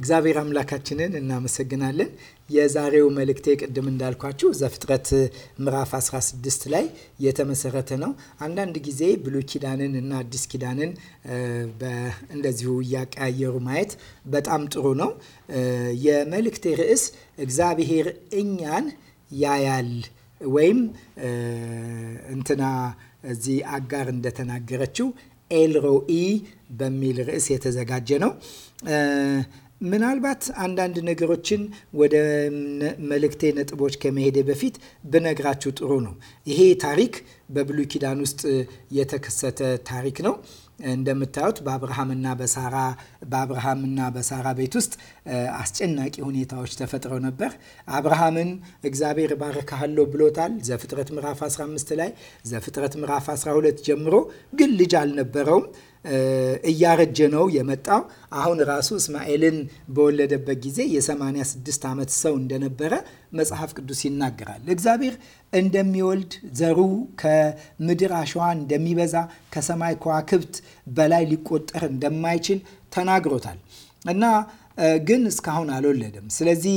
እግዚአብሔር አምላካችንን እናመሰግናለን። የዛሬው መልእክቴ ቅድም እንዳልኳችሁ ዘፍጥረት ምዕራፍ 16 ላይ የተመሰረተ ነው። አንዳንድ ጊዜ ብሉይ ኪዳንን እና አዲስ ኪዳንን እንደዚሁ እያቀያየሩ ማየት በጣም ጥሩ ነው። የመልእክቴ ርዕስ እግዚአብሔር እኛን ያያል ወይም እንትና እዚህ አጋር እንደተናገረችው ኤልሮኢ በሚል ርዕስ የተዘጋጀ ነው። ምናልባት አንዳንድ ነገሮችን ወደ መልእክቴ ነጥቦች ከመሄደ በፊት ብነግራችሁ ጥሩ ነው። ይሄ ታሪክ በብሉይ ኪዳን ውስጥ የተከሰተ ታሪክ ነው። እንደምታዩት በአብርሃምና በሳራ በአብርሃምና በሳራ ቤት ውስጥ አስጨናቂ ሁኔታዎች ተፈጥረው ነበር። አብርሃምን እግዚአብሔር ባረካሃለሁ ብሎታል ዘፍጥረት ምዕራፍ 15 ላይ ዘፍጥረት ምዕራፍ 12 ጀምሮ ግን ልጅ አልነበረውም። እያረጀ ነው የመጣው። አሁን ራሱ እስማኤልን በወለደበት ጊዜ የ86 ዓመት ሰው እንደነበረ መጽሐፍ ቅዱስ ይናገራል። እግዚአብሔር እንደሚወልድ ዘሩ ከምድር አሸዋ እንደሚበዛ ከሰማይ ከዋክብት በላይ ሊቆጠር እንደማይችል ተናግሮታል እና ግን እስካሁን አልወለደም። ስለዚህ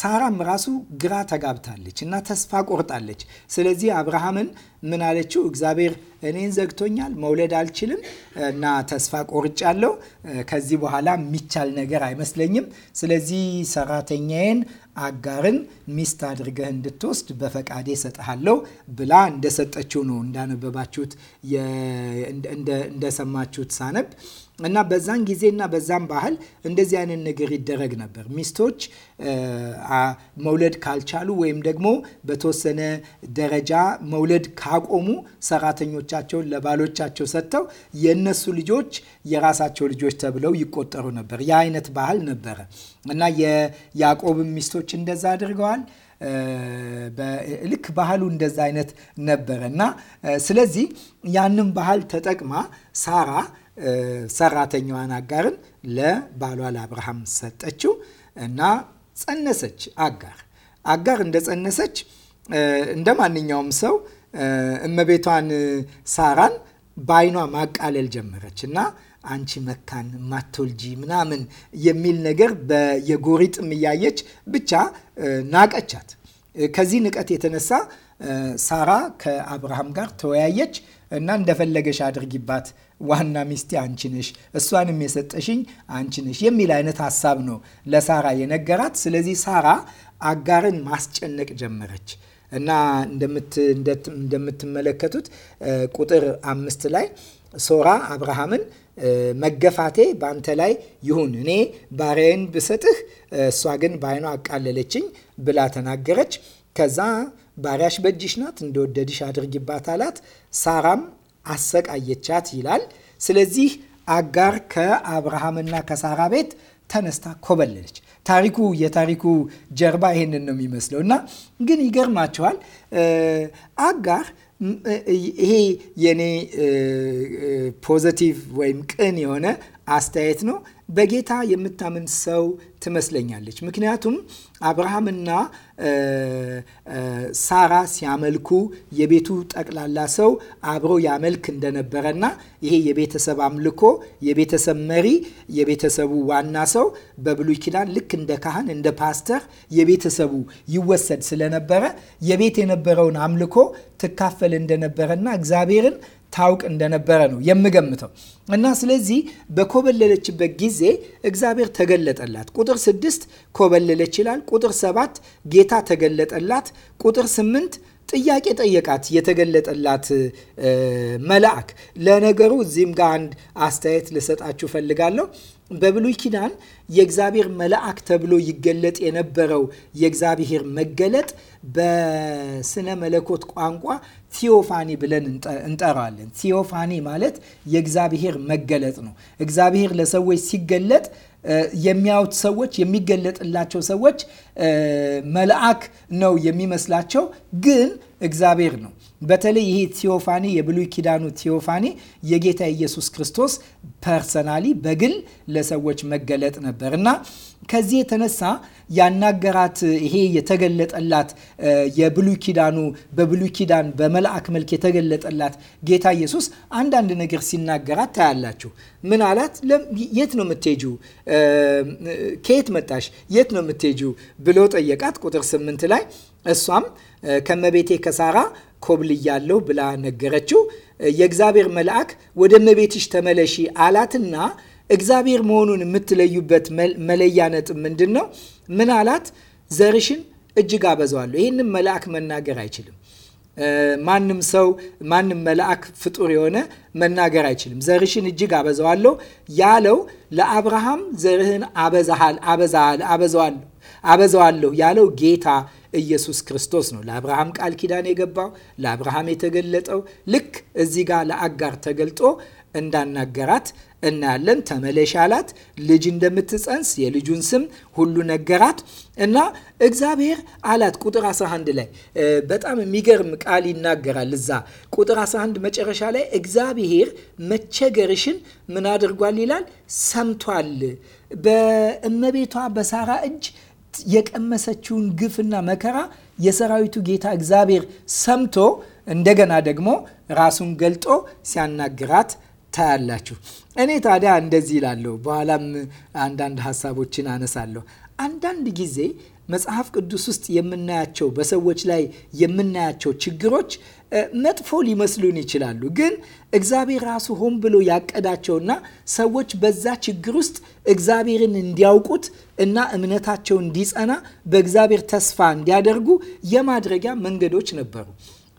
ሳራም ራሱ ግራ ተጋብታለች እና ተስፋ ቆርጣለች። ስለዚህ አብርሃምን ምን አለችው? እግዚአብሔር እኔን ዘግቶኛል፣ መውለድ አልችልም እና ተስፋ ቆርጫለሁ። ከዚህ በኋላ የሚቻል ነገር አይመስለኝም። ስለዚህ ሰራተኛዬን አጋርን ሚስት አድርገህ እንድትወስድ በፈቃዴ ሰጠሃለሁ ብላ እንደሰጠችው ነው እንዳነበባችሁት እንደሰማችሁት ሳነብ እና በዛን ጊዜና በዛን ባህል እንደዚህ አይነት ነገር ይደረግ ነበር። ሚስቶች መውለድ ካልቻሉ ወይም ደግሞ በተወሰነ ደረጃ መውለድ ካቆሙ ሰራተኞቻቸውን ለባሎቻቸው ሰጥተው የእነሱ ልጆች የራሳቸው ልጆች ተብለው ይቆጠሩ ነበር። ያ አይነት ባህል ነበረ እና የያዕቆብም ሚስቶች እንደዛ አድርገዋል። ልክ ባህሉ እንደዛ አይነት ነበረ እና ስለዚህ ያንን ባህል ተጠቅማ ሳራ ሰራተኛዋን አጋርን ለባሏ ለአብርሃም ሰጠችው እና ጸነሰች። አጋር አጋር እንደ ጸነሰች እንደ ማንኛውም ሰው እመቤቷን ሳራን በአይኗ ማቃለል ጀመረች እና አንቺ መካን ማቶልጂ ምናምን የሚል ነገር የጎሪጥም እያየች ብቻ ናቀቻት። ከዚህ ንቀት የተነሳ ሳራ ከአብርሃም ጋር ተወያየች እና እንደፈለገሽ አድርጊባት ዋና ሚስቴ አንቺ ነሽ፣ እሷንም የሰጠሽኝ አንቺ ነሽ የሚል አይነት ሀሳብ ነው ለሳራ የነገራት። ስለዚህ ሳራ አጋርን ማስጨነቅ ጀመረች እና እንደምትመለከቱት ቁጥር አምስት ላይ ሶራ አብርሃምን መገፋቴ በአንተ ላይ ይሁን፣ እኔ ባሪያዬን ብሰጥህ እሷ ግን በአይኗ አቃለለችኝ ብላ ተናገረች። ከዛ ባሪያሽ በእጅሽ ናት፣ እንደወደድሽ አድርጊባት አላት። ሳራም አሰቃየቻት ይላል። ስለዚህ አጋር ከአብርሃምና ከሳራ ቤት ተነስታ ኮበለለች። ታሪኩ የታሪኩ ጀርባ ይሄንን ነው የሚመስለው እና ግን ይገርማቸዋል አጋር ይሄ የኔ ፖዘቲቭ ወይም ቅን የሆነ አስተያየት ነው። በጌታ የምታምን ሰው ትመስለኛለች። ምክንያቱም አብርሃምና ሳራ ሲያመልኩ የቤቱ ጠቅላላ ሰው አብሮ ያመልክ እንደነበረና ይሄ የቤተሰብ አምልኮ የቤተሰብ መሪ የቤተሰቡ ዋና ሰው በብሉይ ኪዳን ልክ እንደ ካህን እንደ ፓስተር የቤተሰቡ ይወሰድ ስለነበረ የቤት የነበረውን አምልኮ ትካፈል እንደነበረና እግዚአብሔርን ታውቅ እንደነበረ ነው የምገምተው እና ስለዚህ በኮበለለችበት ጊዜ እግዚአብሔር ተገለጠላት። ቁጥር ስድስት ኮበለለች ይላል። ቁጥር ሰባት ጌታ ተገለጠላት። ቁጥር ስምንት ጥያቄ ጠየቃት የተገለጠላት መልአክ። ለነገሩ እዚህም ጋር አንድ አስተያየት ልሰጣችሁ ፈልጋለሁ። በብሉይ ኪዳን የእግዚአብሔር መልአክ ተብሎ ይገለጥ የነበረው የእግዚአብሔር መገለጥ በስነ መለኮት ቋንቋ ቲዮፋኒ ብለን እንጠራዋለን። ቲዮፋኒ ማለት የእግዚአብሔር መገለጥ ነው። እግዚአብሔር ለሰዎች ሲገለጥ የሚያዩት ሰዎች የሚገለጥላቸው ሰዎች መልአክ ነው የሚመስላቸው፣ ግን እግዚአብሔር ነው። በተለይ ይሄ ቴዎፋኒ የብሉይ ኪዳኑ ቴዎፋኒ የጌታ ኢየሱስ ክርስቶስ ፐርሰናሊ በግል ለሰዎች መገለጥ ነበር እና ከዚህ የተነሳ ያናገራት ይሄ የተገለጠላት የብሉይ ኪዳኑ በብሉይ ኪዳን በመልአክ መልክ የተገለጠላት ጌታ ኢየሱስ አንዳንድ ነገር ሲናገራት ታያላችሁ። ምን አላት? የት ነው የምትሄጂው? ከየት መጣሽ? የት ነው የምትሄጂው ብሎ ጠየቃት። ቁጥር ስምንት ላይ እሷም ከመቤቴ ከሳራ ኮብልያለሁ ብላ ነገረችው። የእግዚአብሔር መልአክ ወደ መቤትሽ ተመለሺ አላትና እግዚአብሔር መሆኑን የምትለዩበት መለያ ነጥብ ምንድን ነው? ምን አላት? ዘርሽን እጅግ አበዛዋለሁ። ይህንም መልአክ መናገር አይችልም። ማንም ሰው ማንም መልአክ ፍጡር የሆነ መናገር አይችልም። ዘርሽን እጅግ አበዛዋለሁ ያለው ለአብርሃም ዘርህን አበዛሃል አበዛሃል አበዛዋለሁ አበዛዋለሁ ያለው ጌታ ኢየሱስ ክርስቶስ ነው። ለአብርሃም ቃል ኪዳን የገባው ለአብርሃም የተገለጠው ልክ እዚህ ጋር ለአጋር ተገልጦ እንዳናገራት እናያለን። ተመለሽ አላት። ልጅ እንደምትጸንስ የልጁን ስም ሁሉ ነገራት እና እግዚአብሔር አላት። ቁጥር 11 ላይ በጣም የሚገርም ቃል ይናገራል። እዛ ቁጥር 11 መጨረሻ ላይ እግዚአብሔር መቸገርሽን ምን አድርጓል ይላል፣ ሰምቷል። በእመቤቷ በሳራ እጅ የቀመሰችውን ግፍና መከራ የሰራዊቱ ጌታ እግዚአብሔር ሰምቶ እንደገና ደግሞ ራሱን ገልጦ ሲያናግራት ታያላችሁ። እኔ ታዲያ እንደዚህ ይላለሁ። በኋላም አንዳንድ ሀሳቦችን አነሳለሁ። አንዳንድ ጊዜ መጽሐፍ ቅዱስ ውስጥ የምናያቸው በሰዎች ላይ የምናያቸው ችግሮች መጥፎ ሊመስሉን ይችላሉ። ግን እግዚአብሔር ራሱ ሆን ብሎ ያቀዳቸውና ሰዎች በዛ ችግር ውስጥ እግዚአብሔርን እንዲያውቁት እና እምነታቸው እንዲጸና በእግዚአብሔር ተስፋ እንዲያደርጉ የማድረጊያ መንገዶች ነበሩ።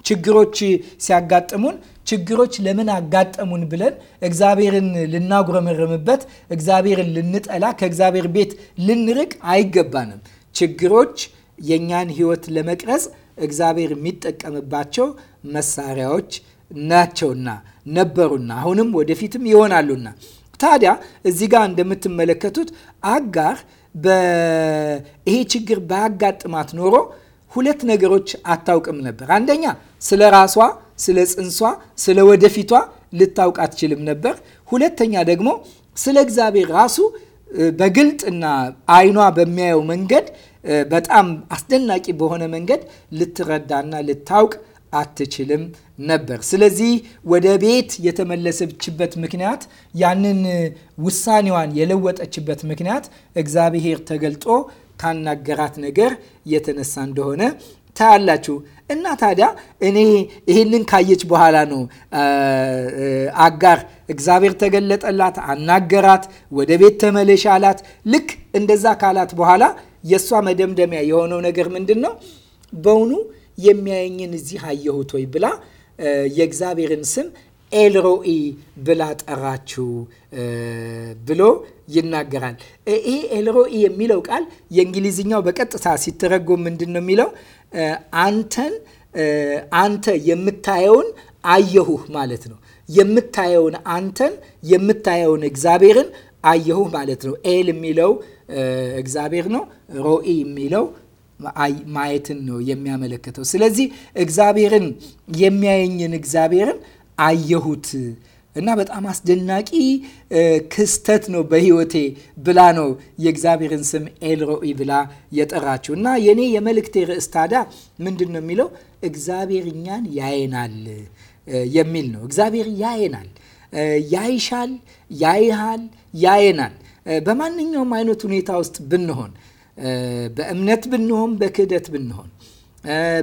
ችግሮች ሲያጋጥሙን ችግሮች ለምን አጋጠሙን ብለን እግዚአብሔርን ልናጉረመረምበት፣ እግዚአብሔርን ልንጠላ፣ ከእግዚአብሔር ቤት ልንርቅ አይገባንም። ችግሮች የእኛን ሕይወት ለመቅረጽ እግዚአብሔር የሚጠቀምባቸው መሳሪያዎች ናቸውና ነበሩና አሁንም ወደፊትም ይሆናሉና ታዲያ እዚህ ጋር እንደምትመለከቱት አጋር ይሄ ችግር ባያጋጥማት ኖሮ ሁለት ነገሮች አታውቅም ነበር። አንደኛ ስለ ራሷ ስለ ጽንሷ፣ ስለ ወደፊቷ ልታውቅ አትችልም ነበር። ሁለተኛ ደግሞ ስለ እግዚአብሔር ራሱ በግልጥና አይኗ በሚያየው መንገድ በጣም አስደናቂ በሆነ መንገድ ልትረዳና ልታውቅ አትችልም ነበር። ስለዚህ ወደ ቤት የተመለሰችበት ምክንያት ያንን ውሳኔዋን የለወጠችበት ምክንያት እግዚአብሔር ተገልጦ ካናገራት ነገር የተነሳ እንደሆነ ታያላችሁ። እና ታዲያ እኔ ይህንን ካየች በኋላ ነው አጋር እግዚአብሔር ተገለጠላት፣ አናገራት፣ ወደ ቤት ተመለሽ አላት። ልክ እንደዛ ካላት በኋላ የእሷ መደምደሚያ የሆነው ነገር ምንድን ነው? በውኑ የሚያየኝን እዚህ አየሁት ወይ ብላ የእግዚአብሔርን ስም ኤልሮኢ ብላ ጠራችው ብሎ ይናገራል። ይሄ ኤልሮኢ የሚለው ቃል የእንግሊዝኛው በቀጥታ ሲተረጎም ምንድን ነው የሚለው አንተን አንተ የምታየውን አየሁህ ማለት ነው። የምታየውን አንተን የምታየውን እግዚአብሔርን አየሁህ ማለት ነው። ኤል የሚለው እግዚአብሔር ነው። ሮኢ የሚለው ማየትን ነው የሚያመለክተው። ስለዚህ እግዚአብሔርን የሚያየኝን እግዚአብሔርን አየሁት እና በጣም አስደናቂ ክስተት ነው በህይወቴ ብላ ነው የእግዚአብሔርን ስም ኤልሮኢ ብላ የጠራችው። እና የኔ የመልእክቴ ርዕስ ታዲያ ምንድን ነው የሚለው እግዚአብሔር እኛን ያየናል የሚል ነው። እግዚአብሔር ያየናል፣ ያይሻል፣ ያይሃል፣ ያየናል። በማንኛውም አይነት ሁኔታ ውስጥ ብንሆን፣ በእምነት ብንሆን፣ በክህደት ብንሆን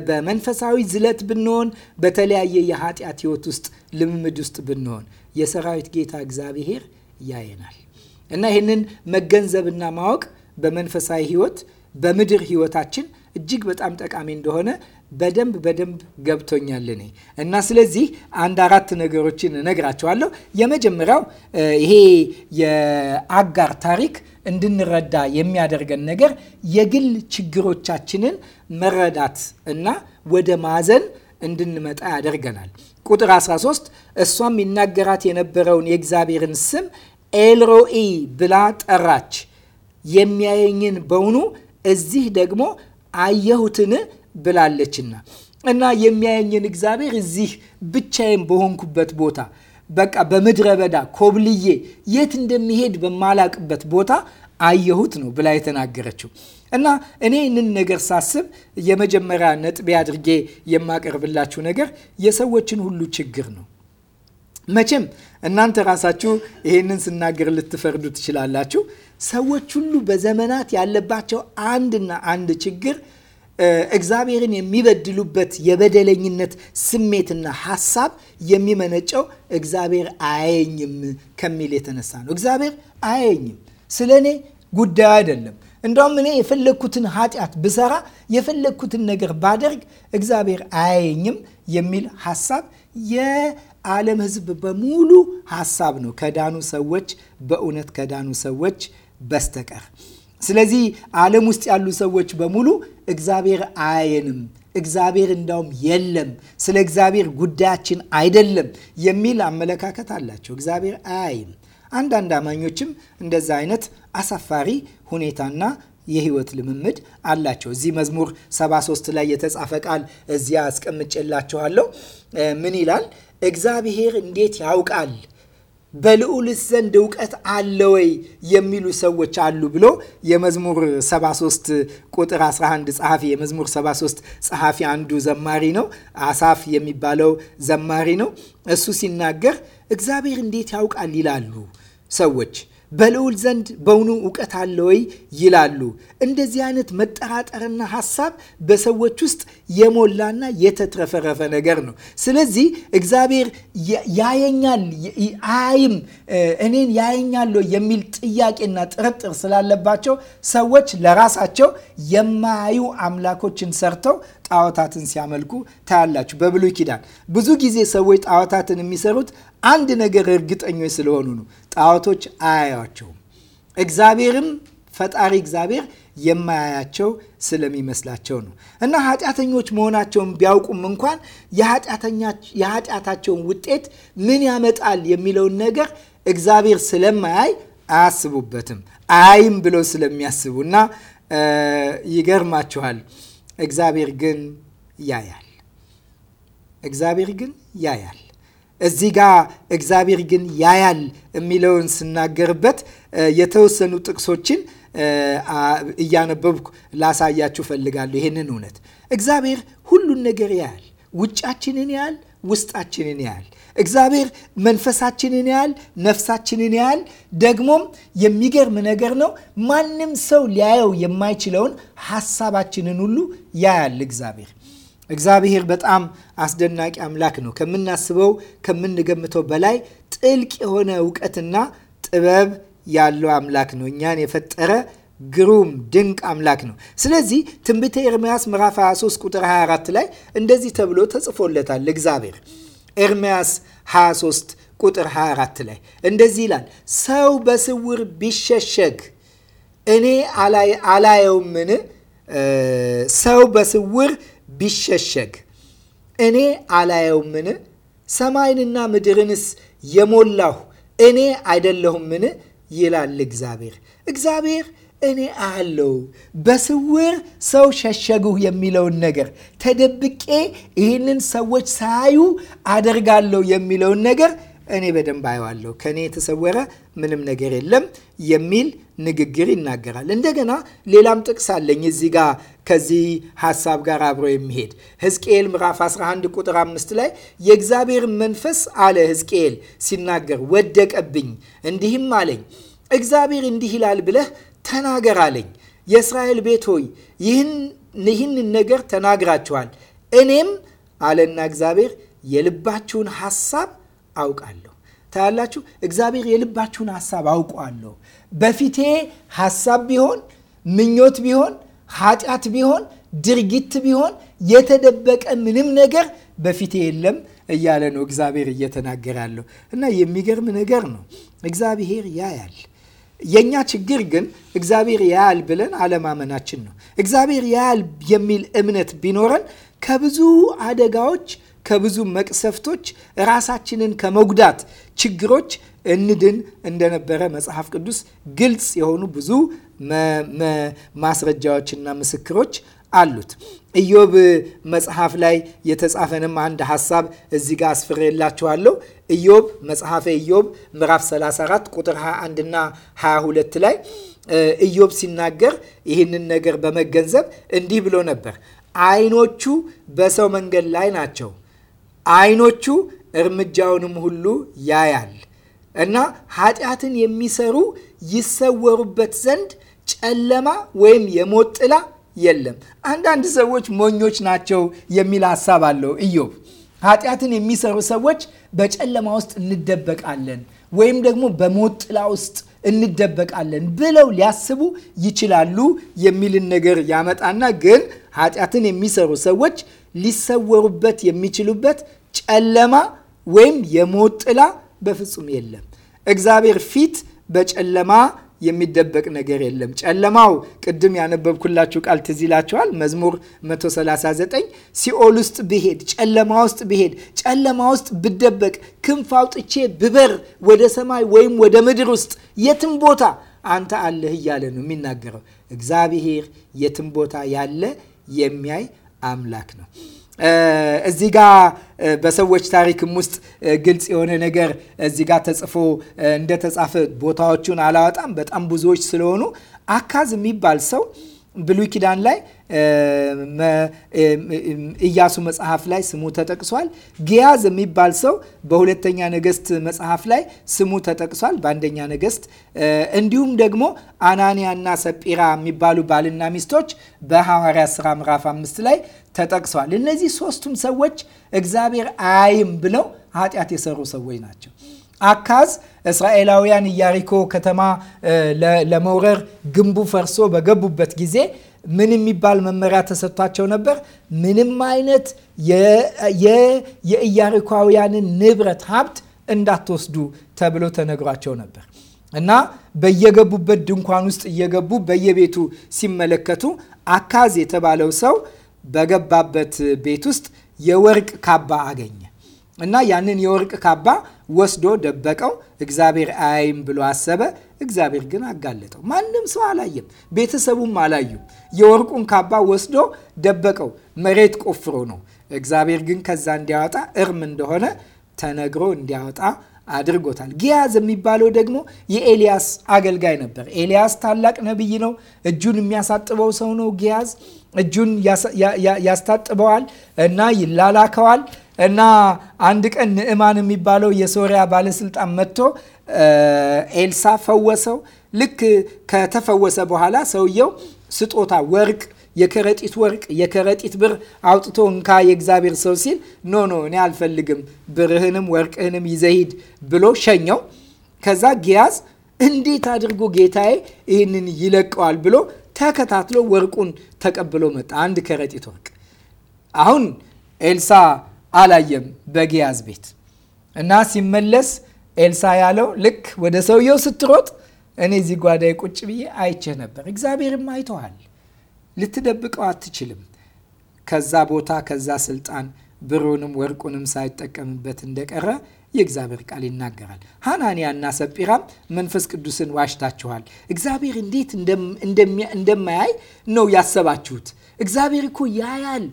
በመንፈሳዊ ዝለት ብንሆን በተለያየ የኃጢአት ህይወት ውስጥ ልምምድ ውስጥ ብንሆን የሰራዊት ጌታ እግዚአብሔር ያየናል። እና ይህንን መገንዘብና ማወቅ በመንፈሳዊ ህይወት በምድር ህይወታችን እጅግ በጣም ጠቃሚ እንደሆነ በደንብ በደንብ ገብቶኛል እኔ እና ስለዚህ አንድ አራት ነገሮችን እነግራቸዋለሁ። የመጀመሪያው ይሄ የአጋር ታሪክ እንድንረዳ የሚያደርገን ነገር የግል ችግሮቻችንን መረዳት እና ወደ ማዘን እንድንመጣ ያደርገናል። ቁጥር 13 እሷም ይናገራት የነበረውን የእግዚአብሔርን ስም ኤልሮኢ ብላ ጠራች። የሚያየኝን በውኑ እዚህ ደግሞ አየሁትን ብላለችና እና የሚያየኝን እግዚአብሔር እዚህ ብቻዬን በሆንኩበት ቦታ በቃ በምድረ በዳ ኮብልዬ የት እንደሚሄድ በማላቅበት ቦታ አየሁት ነው ብላ የተናገረችው እና እኔ ይህንን ነገር ሳስብ የመጀመሪያ ነጥቤ አድርጌ የማቀርብላችሁ ነገር የሰዎችን ሁሉ ችግር ነው። መቼም እናንተ ራሳችሁ ይሄንን ስናገር ልትፈርዱ ትችላላችሁ። ሰዎች ሁሉ በዘመናት ያለባቸው አንድና አንድ ችግር እግዚአብሔርን የሚበድሉበት የበደለኝነት ስሜትና ሀሳብ የሚመነጨው እግዚአብሔር አያየኝም ከሚል የተነሳ ነው። እግዚአብሔር አያየኝም፣ ስለ እኔ ጉዳዩ አይደለም፣ እንደውም እኔ የፈለግኩትን ኃጢአት ብሰራ የፈለግኩትን ነገር ባደርግ እግዚአብሔር አያየኝም የሚል ሀሳብ የዓለም ሕዝብ በሙሉ ሀሳብ ነው ከዳኑ ሰዎች በእውነት ከዳኑ ሰዎች በስተቀር። ስለዚህ ዓለም ውስጥ ያሉ ሰዎች በሙሉ እግዚአብሔር አያየንም፣ እግዚአብሔር እንዳውም የለም፣ ስለ እግዚአብሔር ጉዳያችን አይደለም የሚል አመለካከት አላቸው። እግዚአብሔር አያይም አንዳንድ አማኞችም እንደዛ አይነት አሳፋሪ ሁኔታና የህይወት ልምምድ አላቸው። እዚህ መዝሙር 73 ላይ የተጻፈ ቃል እዚያ አስቀምጬላችኋለሁ። ምን ይላል? እግዚአብሔር እንዴት ያውቃል በልዑልስ ዘንድ እውቀት አለ ወይ የሚሉ ሰዎች አሉ ብሎ የመዝሙር 73 ቁጥር 11 ጸሐፊ የመዝሙር 73 ጸሐፊ አንዱ ዘማሪ ነው። አሳፍ የሚባለው ዘማሪ ነው። እሱ ሲናገር እግዚአብሔር እንዴት ያውቃል ይላሉ ሰዎች በልዑል ዘንድ በውኑ እውቀት አለ ወይ ይላሉ። እንደዚህ አይነት መጠራጠርና ሀሳብ በሰዎች ውስጥ የሞላና የተትረፈረፈ ነገር ነው። ስለዚህ እግዚአብሔር ያየኛል አያይም፣ እኔን ያየኛል የሚል ጥያቄና ጥርጥር ስላለባቸው ሰዎች ለራሳቸው የማያዩ አምላኮችን ሰርተው ጣዖታትን ሲያመልኩ ታያላችሁ። በብሉይ ኪዳን ብዙ ጊዜ ሰዎች ጣዖታትን የሚሰሩት አንድ ነገር እርግጠኞች ስለሆኑ ነው። ጣዖቶች አያያቸውም። እግዚአብሔርም ፈጣሪ እግዚአብሔር የማያያቸው ስለሚመስላቸው ነው። እና ኃጢአተኞች መሆናቸውን ቢያውቁም እንኳን የኃጢአታቸውን ውጤት ምን ያመጣል የሚለውን ነገር እግዚአብሔር ስለማያይ አያስቡበትም። አይም ብለው ስለሚያስቡ እና ይገርማችኋል። እግዚአብሔር ግን ያያል። እግዚአብሔር ግን ያያል። እዚህ ጋ እግዚአብሔር ግን ያያል የሚለውን ስናገርበት የተወሰኑ ጥቅሶችን እያነበብኩ ላሳያችሁ ፈልጋለሁ። ይህንን እውነት እግዚአብሔር ሁሉን ነገር ያያል። ውጫችንን ያያል፣ ውስጣችንን ያያል። እግዚአብሔር መንፈሳችንን ያያል፣ ነፍሳችንን ያያል። ደግሞም የሚገርም ነገር ነው፣ ማንም ሰው ሊያየው የማይችለውን ሀሳባችንን ሁሉ ያያል እግዚአብሔር እግዚአብሔር በጣም አስደናቂ አምላክ ነው። ከምናስበው ከምንገምተው በላይ ጥልቅ የሆነ እውቀትና ጥበብ ያለው አምላክ ነው። እኛን የፈጠረ ግሩም ድንቅ አምላክ ነው። ስለዚህ ትንቢተ ኤርምያስ ምዕራፍ 23 ቁጥር 24 ላይ እንደዚህ ተብሎ ተጽፎለታል። እግዚአብሔር ኤርምያስ 23 ቁጥር 24 ላይ እንደዚህ ይላል፣ ሰው በስውር ቢሸሸግ እኔ አላየውምን? ሰው በስውር ቢሸሸግ እኔ አላየውምን? ሰማይንና ምድርንስ የሞላሁ እኔ አይደለሁምን? ይላል እግዚአብሔር። እግዚአብሔር እኔ አለው በስውር ሰው ሸሸጉህ የሚለውን ነገር ተደብቄ ይህንን ሰዎች ሳያዩ አደርጋለሁ የሚለውን ነገር እኔ በደንብ አየዋለሁ፣ ከእኔ የተሰወረ ምንም ነገር የለም የሚል ንግግር ይናገራል። እንደገና ሌላም ጥቅስ አለኝ እዚህ ጋር ከዚህ ሀሳብ ጋር አብሮ የሚሄድ ሕዝቅኤል ምዕራፍ 11 ቁጥር 5 ላይ የእግዚአብሔር መንፈስ አለ ሕዝቅኤል ሲናገር ወደቀብኝ፣ እንዲህም አለኝ እግዚአብሔር እንዲህ ይላል ብለህ ተናገር አለኝ። የእስራኤል ቤት ሆይ ይህን ነገር ተናግራችኋል፣ እኔም አለና እግዚአብሔር የልባችሁን ሀሳብ አውቃለሁ። ታያላችሁ፣ እግዚአብሔር የልባችሁን ሀሳብ አውቋለሁ። በፊቴ ሀሳብ ቢሆን ምኞት ቢሆን ኃጢአት ቢሆን ድርጊት ቢሆን የተደበቀ ምንም ነገር በፊቴ የለም እያለ ነው እግዚአብሔር እየተናገረ ያለው እና የሚገርም ነገር ነው። እግዚአብሔር ያያል። የእኛ ችግር ግን እግዚአብሔር ያያል ብለን አለማመናችን ነው። እግዚአብሔር ያያል የሚል እምነት ቢኖረን ከብዙ አደጋዎች፣ ከብዙ መቅሰፍቶች፣ ራሳችንን ከመጉዳት ችግሮች እንድን እንደነበረ መጽሐፍ ቅዱስ ግልጽ የሆኑ ብዙ ማስረጃዎችና ምስክሮች አሉት። ኢዮብ መጽሐፍ ላይ የተጻፈንም አንድ ሀሳብ እዚህ ጋር አስፍሬላችኋለሁ። ኢዮብ መጽሐፈ ኢዮብ ምዕራፍ 34 ቁጥር 21 እና 22 ላይ ኢዮብ ሲናገር ይህንን ነገር በመገንዘብ እንዲህ ብሎ ነበር። አይኖቹ በሰው መንገድ ላይ ናቸው፣ አይኖቹ እርምጃውንም ሁሉ ያያል እና ኃጢአትን የሚሰሩ ይሰወሩበት ዘንድ ጨለማ ወይም የሞት ጥላ የለም። አንዳንድ ሰዎች ሞኞች ናቸው የሚል ሀሳብ አለው እዮብ። ኃጢአትን የሚሰሩ ሰዎች በጨለማ ውስጥ እንደበቃለን ወይም ደግሞ በሞት ጥላ ውስጥ እንደበቃለን ብለው ሊያስቡ ይችላሉ የሚልን ነገር ያመጣና ግን ኃጢአትን የሚሰሩ ሰዎች ሊሰወሩበት የሚችሉበት ጨለማ ወይም የሞት ጥላ በፍጹም የለም። እግዚአብሔር ፊት በጨለማ የሚደበቅ ነገር የለም። ጨለማው ቅድም ያነበብኩላችሁ ቃል ትዝ ይላችኋል። መዝሙር 139 ሲኦል ውስጥ ብሄድ፣ ጨለማ ውስጥ ብሄድ፣ ጨለማ ውስጥ ብደበቅ፣ ክንፍ አውጥቼ ብበር ወደ ሰማይ ወይም ወደ ምድር ውስጥ የትም ቦታ አንተ አለህ እያለ ነው የሚናገረው። እግዚአብሔር የትም ቦታ ያለ የሚያይ አምላክ ነው። እዚህ ጋ በሰዎች ታሪክም ውስጥ ግልጽ የሆነ ነገር እዚህ ተጽፎ እንደተጻፈ ቦታዎቹን አላወጣም። በጣም ብዙዎች ስለሆኑ አካዝ የሚባል ሰው ብሉይ ኪዳን ላይ ኢያሱ መጽሐፍ ላይ ስሙ ተጠቅሷል። ግያዝ የሚባል ሰው በሁለተኛ ነገስት መጽሐፍ ላይ ስሙ ተጠቅሷል፣ በአንደኛ ነገስት። እንዲሁም ደግሞ አናንያና ሰጲራ የሚባሉ ባልና ሚስቶች በሐዋርያ ስራ ምዕራፍ አምስት ላይ ተጠቅሰዋል። እነዚህ ሶስቱም ሰዎች እግዚአብሔር አያይም ብለው ኃጢአት የሰሩ ሰዎች ናቸው። አካዝ እስራኤላውያን ኢያሪኮ ከተማ ለመውረር ግንቡ ፈርሶ በገቡበት ጊዜ ምን የሚባል መመሪያ ተሰጥቷቸው ነበር? ምንም አይነት የኢያሪኳውያንን ንብረት ሀብት እንዳትወስዱ ተብሎ ተነግሯቸው ነበር እና በየገቡበት ድንኳን ውስጥ እየገቡ በየቤቱ ሲመለከቱ አካዝ የተባለው ሰው በገባበት ቤት ውስጥ የወርቅ ካባ አገኘ እና ያንን የወርቅ ካባ ወስዶ ደበቀው። እግዚአብሔር አያይም ብሎ አሰበ። እግዚአብሔር ግን አጋለጠው። ማንም ሰው አላየም፣ ቤተሰቡም አላዩም። የወርቁን ካባ ወስዶ ደበቀው፣ መሬት ቆፍሮ ነው። እግዚአብሔር ግን ከዛ እንዲያወጣ እርም እንደሆነ ተነግሮ እንዲያወጣ አድርጎታል። ጊያዝ የሚባለው ደግሞ የኤልያስ አገልጋይ ነበር። ኤልያስ ታላቅ ነቢይ ነው። እጁን የሚያሳጥበው ሰው ነው። ጊያዝ እጁን ያስታጥበዋል እና ይላላከዋል እና አንድ ቀን ንዕማን የሚባለው የሶሪያ ባለስልጣን መጥቶ ኤልሳ ፈወሰው። ልክ ከተፈወሰ በኋላ ሰውየው ስጦታ ወርቅ የከረጢት ወርቅ የከረጢት ብር አውጥቶ እንካ የእግዚአብሔር ሰው ሲል ኖ ኖ እኔ አልፈልግም ብርህንም ወርቅህንም ይዘሂድ ብሎ ሸኘው። ከዛ ግያዝ እንዴት አድርጎ ጌታዬ ይህንን ይለቀዋል ብሎ ተከታትሎ ወርቁን ተቀብሎ መጣ። አንድ ከረጢት ወርቅ። አሁን ኤልሳ አላየም በግያዝ ቤት እና ሲመለስ ኤልሳ ያለው ልክ ወደ ሰውየው ስትሮጥ እኔ እዚህ ጓዳ ቁጭ ብዬ አይቼ ነበር። እግዚአብሔርም አይተዋል። ልትደብቀው አትችልም። ከዛ ቦታ ከዛ ስልጣን ብሩንም ወርቁንም ሳይጠቀምበት እንደቀረ የእግዚአብሔር ቃል ይናገራል። ሐናንያና ሰጲራም መንፈስ ቅዱስን ዋሽታችኋል። እግዚአብሔር እንዴት እንደማያይ ነው ያሰባችሁት። እግዚአብሔር እኮ ያያል።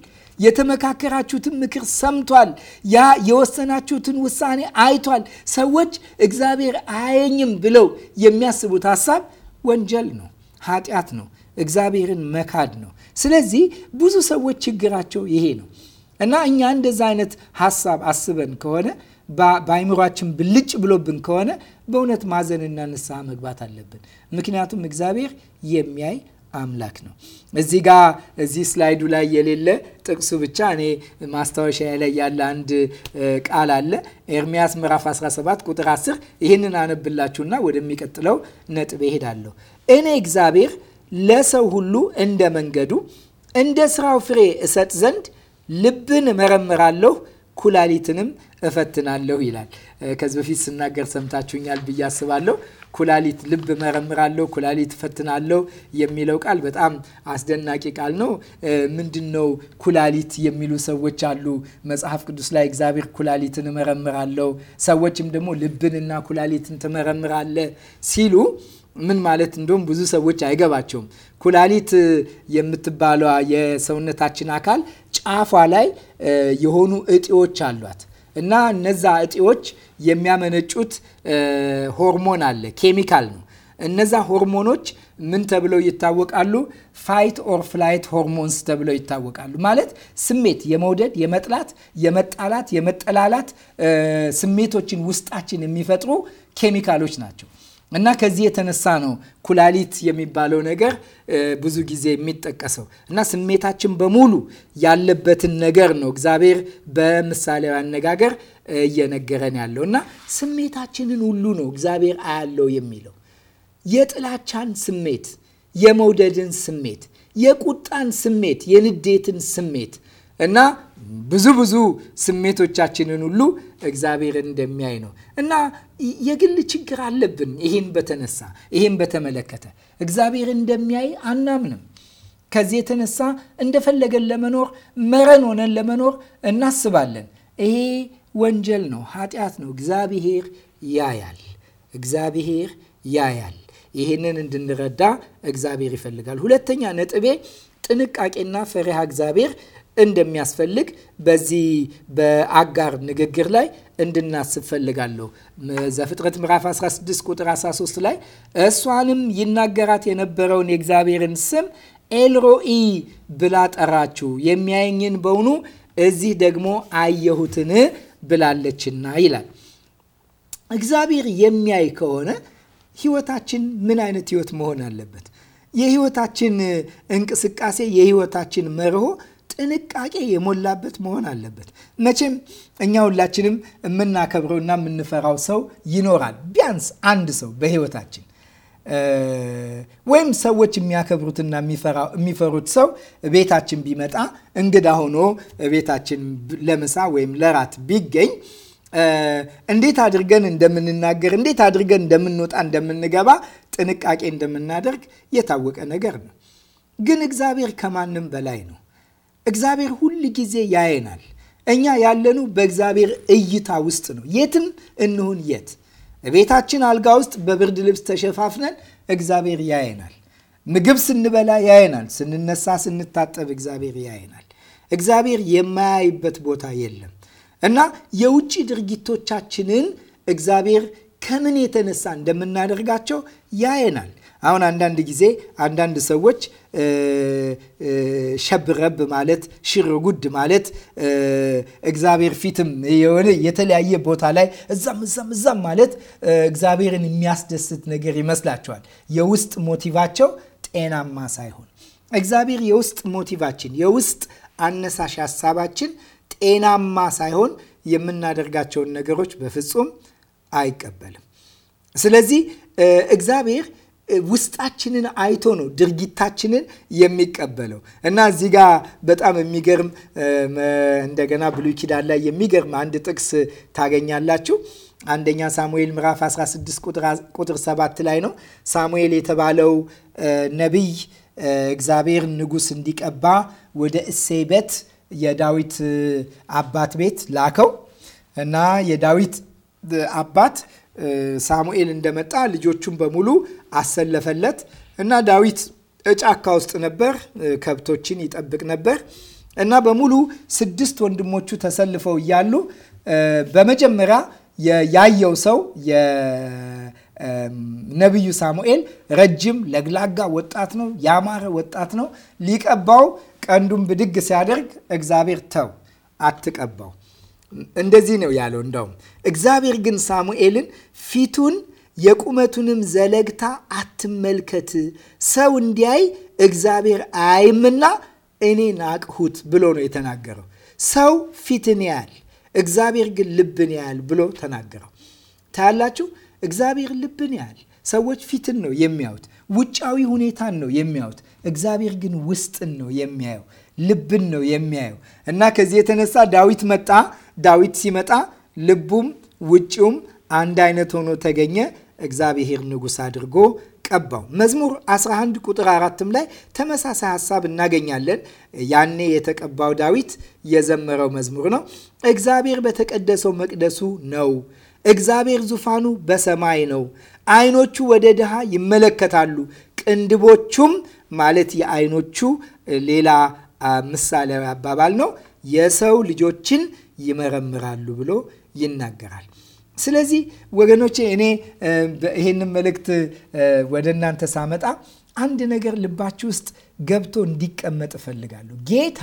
የተመካከራችሁትን ምክር ሰምቷል። ያ የወሰናችሁትን ውሳኔ አይቷል። ሰዎች እግዚአብሔር አያየኝም ብለው የሚያስቡት ሀሳብ ወንጀል ነው፣ ኃጢአት ነው፣ እግዚአብሔርን መካድ ነው። ስለዚህ ብዙ ሰዎች ችግራቸው ይሄ ነው እና እኛ እንደዛ አይነት ሀሳብ አስበን ከሆነ በአይምሯችን ብልጭ ብሎብን ከሆነ በእውነት ማዘንና ንስሐ መግባት አለብን። ምክንያቱም እግዚአብሔር የሚያይ አምላክ ነው። እዚህ ጋ እዚህ ስላይዱ ላይ የሌለ ጥቅሱ ብቻ እኔ ማስታወሻ ላይ ያለ አንድ ቃል አለ። ኤርሚያስ ምዕራፍ 17 ቁጥር 10 ይህንን አነብላችሁና ወደሚቀጥለው ነጥብ ይሄዳለሁ። እኔ እግዚአብሔር ለሰው ሁሉ እንደ መንገዱ እንደ ስራው ፍሬ እሰጥ ዘንድ ልብን እመረምራለሁ ኩላሊትንም እፈትናለሁ ይላል። ከዚህ በፊት ስናገር ሰምታችሁኛል ብዬ አስባለሁ። ኩላሊት ልብ መረምራለሁ፣ ኩላሊት እፈትናለሁ የሚለው ቃል በጣም አስደናቂ ቃል ነው። ምንድን ነው ኩላሊት የሚሉ ሰዎች አሉ። መጽሐፍ ቅዱስ ላይ እግዚአብሔር ኩላሊትን እመረምራለሁ፣ ሰዎችም ደግሞ ልብንና ኩላሊትን ትመረምራለ ሲሉ ምን ማለት እንደውም ብዙ ሰዎች አይገባቸውም። ኩላሊት የምትባለዋ የሰውነታችን አካል ጫፏ ላይ የሆኑ እጢዎች አሏት እና እነዛ እጢዎች የሚያመነጩት ሆርሞን አለ፣ ኬሚካል ነው። እነዛ ሆርሞኖች ምን ተብለው ይታወቃሉ? ፋይት ኦር ፍላይት ሆርሞንስ ተብለው ይታወቃሉ። ማለት ስሜት የመውደድ፣ የመጥላት፣ የመጣላት፣ የመጠላላት ስሜቶችን ውስጣችን የሚፈጥሩ ኬሚካሎች ናቸው። እና ከዚህ የተነሳ ነው ኩላሊት የሚባለው ነገር ብዙ ጊዜ የሚጠቀሰው እና ስሜታችን በሙሉ ያለበትን ነገር ነው እግዚአብሔር በምሳሌያዊ አነጋገር እየነገረን ያለው እና ስሜታችንን ሁሉ ነው እግዚአብሔር አያለው የሚለው የጥላቻን ስሜት፣ የመውደድን ስሜት፣ የቁጣን ስሜት፣ የንዴትን ስሜት እና ብዙ ብዙ ስሜቶቻችንን ሁሉ እግዚአብሔር እንደሚያይ ነው እና የግል ችግር አለብን። ይሄን በተነሳ ይህን በተመለከተ እግዚአብሔር እንደሚያይ አናምንም። ከዚህ የተነሳ እንደፈለገን ለመኖር መረን ሆነን ለመኖር እናስባለን። ይሄ ወንጀል ነው፣ ኃጢአት ነው። እግዚአብሔር ያያል። እግዚአብሔር ያያል። ይህንን እንድንረዳ እግዚአብሔር ይፈልጋል። ሁለተኛ ነጥቤ ጥንቃቄና ፈሪሃ እግዚአብሔር እንደሚያስፈልግ በዚህ በአጋር ንግግር ላይ እንድናስብ ፈልጋለሁ። ዘፍጥረት ምዕራፍ 16 ቁጥር 13 ላይ እሷንም ይናገራት የነበረውን የእግዚአብሔርን ስም ኤልሮኢ ብላ ጠራችሁ፣ የሚያየኝን በውኑ እዚህ ደግሞ አየሁትን ብላለችና ይላል። እግዚአብሔር የሚያይ ከሆነ ህይወታችን ምን አይነት ህይወት መሆን አለበት? የህይወታችን እንቅስቃሴ የህይወታችን መርሆ ጥንቃቄ የሞላበት መሆን አለበት። መቼም እኛ ሁላችንም የምናከብረውና የምንፈራው ሰው ይኖራል። ቢያንስ አንድ ሰው በህይወታችን ወይም ሰዎች የሚያከብሩትና የሚፈሩት ሰው ቤታችን ቢመጣ እንግዳ ሆኖ ቤታችን ለምሳ ወይም ለራት ቢገኝ እንዴት አድርገን እንደምንናገር፣ እንዴት አድርገን እንደምንወጣ፣ እንደምንገባ ጥንቃቄ እንደምናደርግ የታወቀ ነገር ነው። ግን እግዚአብሔር ከማንም በላይ ነው። እግዚአብሔር ሁል ጊዜ ያየናል። እኛ ያለኑ በእግዚአብሔር እይታ ውስጥ ነው። የትም እንሁን የት ቤታችን አልጋ ውስጥ በብርድ ልብስ ተሸፋፍነን እግዚአብሔር ያየናል። ምግብ ስንበላ ያየናል። ስንነሳ፣ ስንታጠብ እግዚአብሔር ያየናል። እግዚአብሔር የማያይበት ቦታ የለም እና የውጭ ድርጊቶቻችንን እግዚአብሔር ከምን የተነሳ እንደምናደርጋቸው ያየናል። አሁን አንዳንድ ጊዜ አንዳንድ ሰዎች ሸብረብ ማለት ሽርጉድ ማለት እግዚአብሔር ፊትም የሆነ የተለያየ ቦታ ላይ እዛም እዛም እዛም ማለት እግዚአብሔርን የሚያስደስት ነገር ይመስላቸዋል። የውስጥ ሞቲቫቸው ጤናማ ሳይሆን እግዚአብሔር የውስጥ ሞቲቫችን የውስጥ አነሳሽ ሀሳባችን ጤናማ ሳይሆን የምናደርጋቸውን ነገሮች በፍጹም አይቀበልም። ስለዚህ እግዚአብሔር ውስጣችንን አይቶ ነው ድርጊታችንን የሚቀበለው እና እዚህ ጋ በጣም የሚገርም እንደገና ብሉይ ኪዳን ላይ የሚገርም አንድ ጥቅስ ታገኛላችሁ። አንደኛ ሳሙኤል ምዕራፍ 16 ቁጥር 7 ላይ ነው። ሳሙኤል የተባለው ነቢይ እግዚአብሔር ንጉሥ እንዲቀባ ወደ እሴይ ቤት የዳዊት አባት ቤት ላከው እና የዳዊት አባት ሳሙኤል እንደመጣ ልጆቹን በሙሉ አሰለፈለት እና ዳዊት እጫካ ውስጥ ነበር። ከብቶችን ይጠብቅ ነበር እና በሙሉ ስድስት ወንድሞቹ ተሰልፈው እያሉ በመጀመሪያ ያየው ሰው የነቢዩ ሳሙኤል ረጅም ለግላጋ ወጣት ነው። ያማረ ወጣት ነው። ሊቀባው ቀንዱን ብድግ ሲያደርግ እግዚአብሔር ተው አትቀባው እንደዚህ ነው ያለው። እንዳውም እግዚአብሔር ግን ሳሙኤልን ፊቱን የቁመቱንም ዘለግታ አትመልከት፣ ሰው እንዲያይ እግዚአብሔር አያይምና እኔ ናቅሁት ብሎ ነው የተናገረው። ሰው ፊትን ያያል፣ እግዚአብሔር ግን ልብን ያያል ብሎ ተናገረው። ታያላችሁ፣ እግዚአብሔር ልብን ያያል። ሰዎች ፊትን ነው የሚያዩት፣ ውጫዊ ሁኔታን ነው የሚያዩት። እግዚአብሔር ግን ውስጥን ነው የሚያየው፣ ልብን ነው የሚያየው እና ከዚህ የተነሳ ዳዊት መጣ ዳዊት ሲመጣ ልቡም ውጪውም አንድ አይነት ሆኖ ተገኘ። እግዚአብሔር ንጉሥ አድርጎ ቀባው። መዝሙር 11 ቁጥር አራትም ላይ ተመሳሳይ ሀሳብ እናገኛለን። ያኔ የተቀባው ዳዊት የዘመረው መዝሙር ነው። እግዚአብሔር በተቀደሰው መቅደሱ ነው። እግዚአብሔር ዙፋኑ በሰማይ ነው። አይኖቹ ወደ ድሃ ይመለከታሉ፣ ቅንድቦቹም ማለት የአይኖቹ ሌላ ምሳሌያዊ አባባል ነው የሰው ልጆችን ይመረምራሉ ብሎ ይናገራል። ስለዚህ ወገኖቼ እኔ ይህንን መልእክት ወደ እናንተ ሳመጣ አንድ ነገር ልባችሁ ውስጥ ገብቶ እንዲቀመጥ እፈልጋለሁ። ጌታ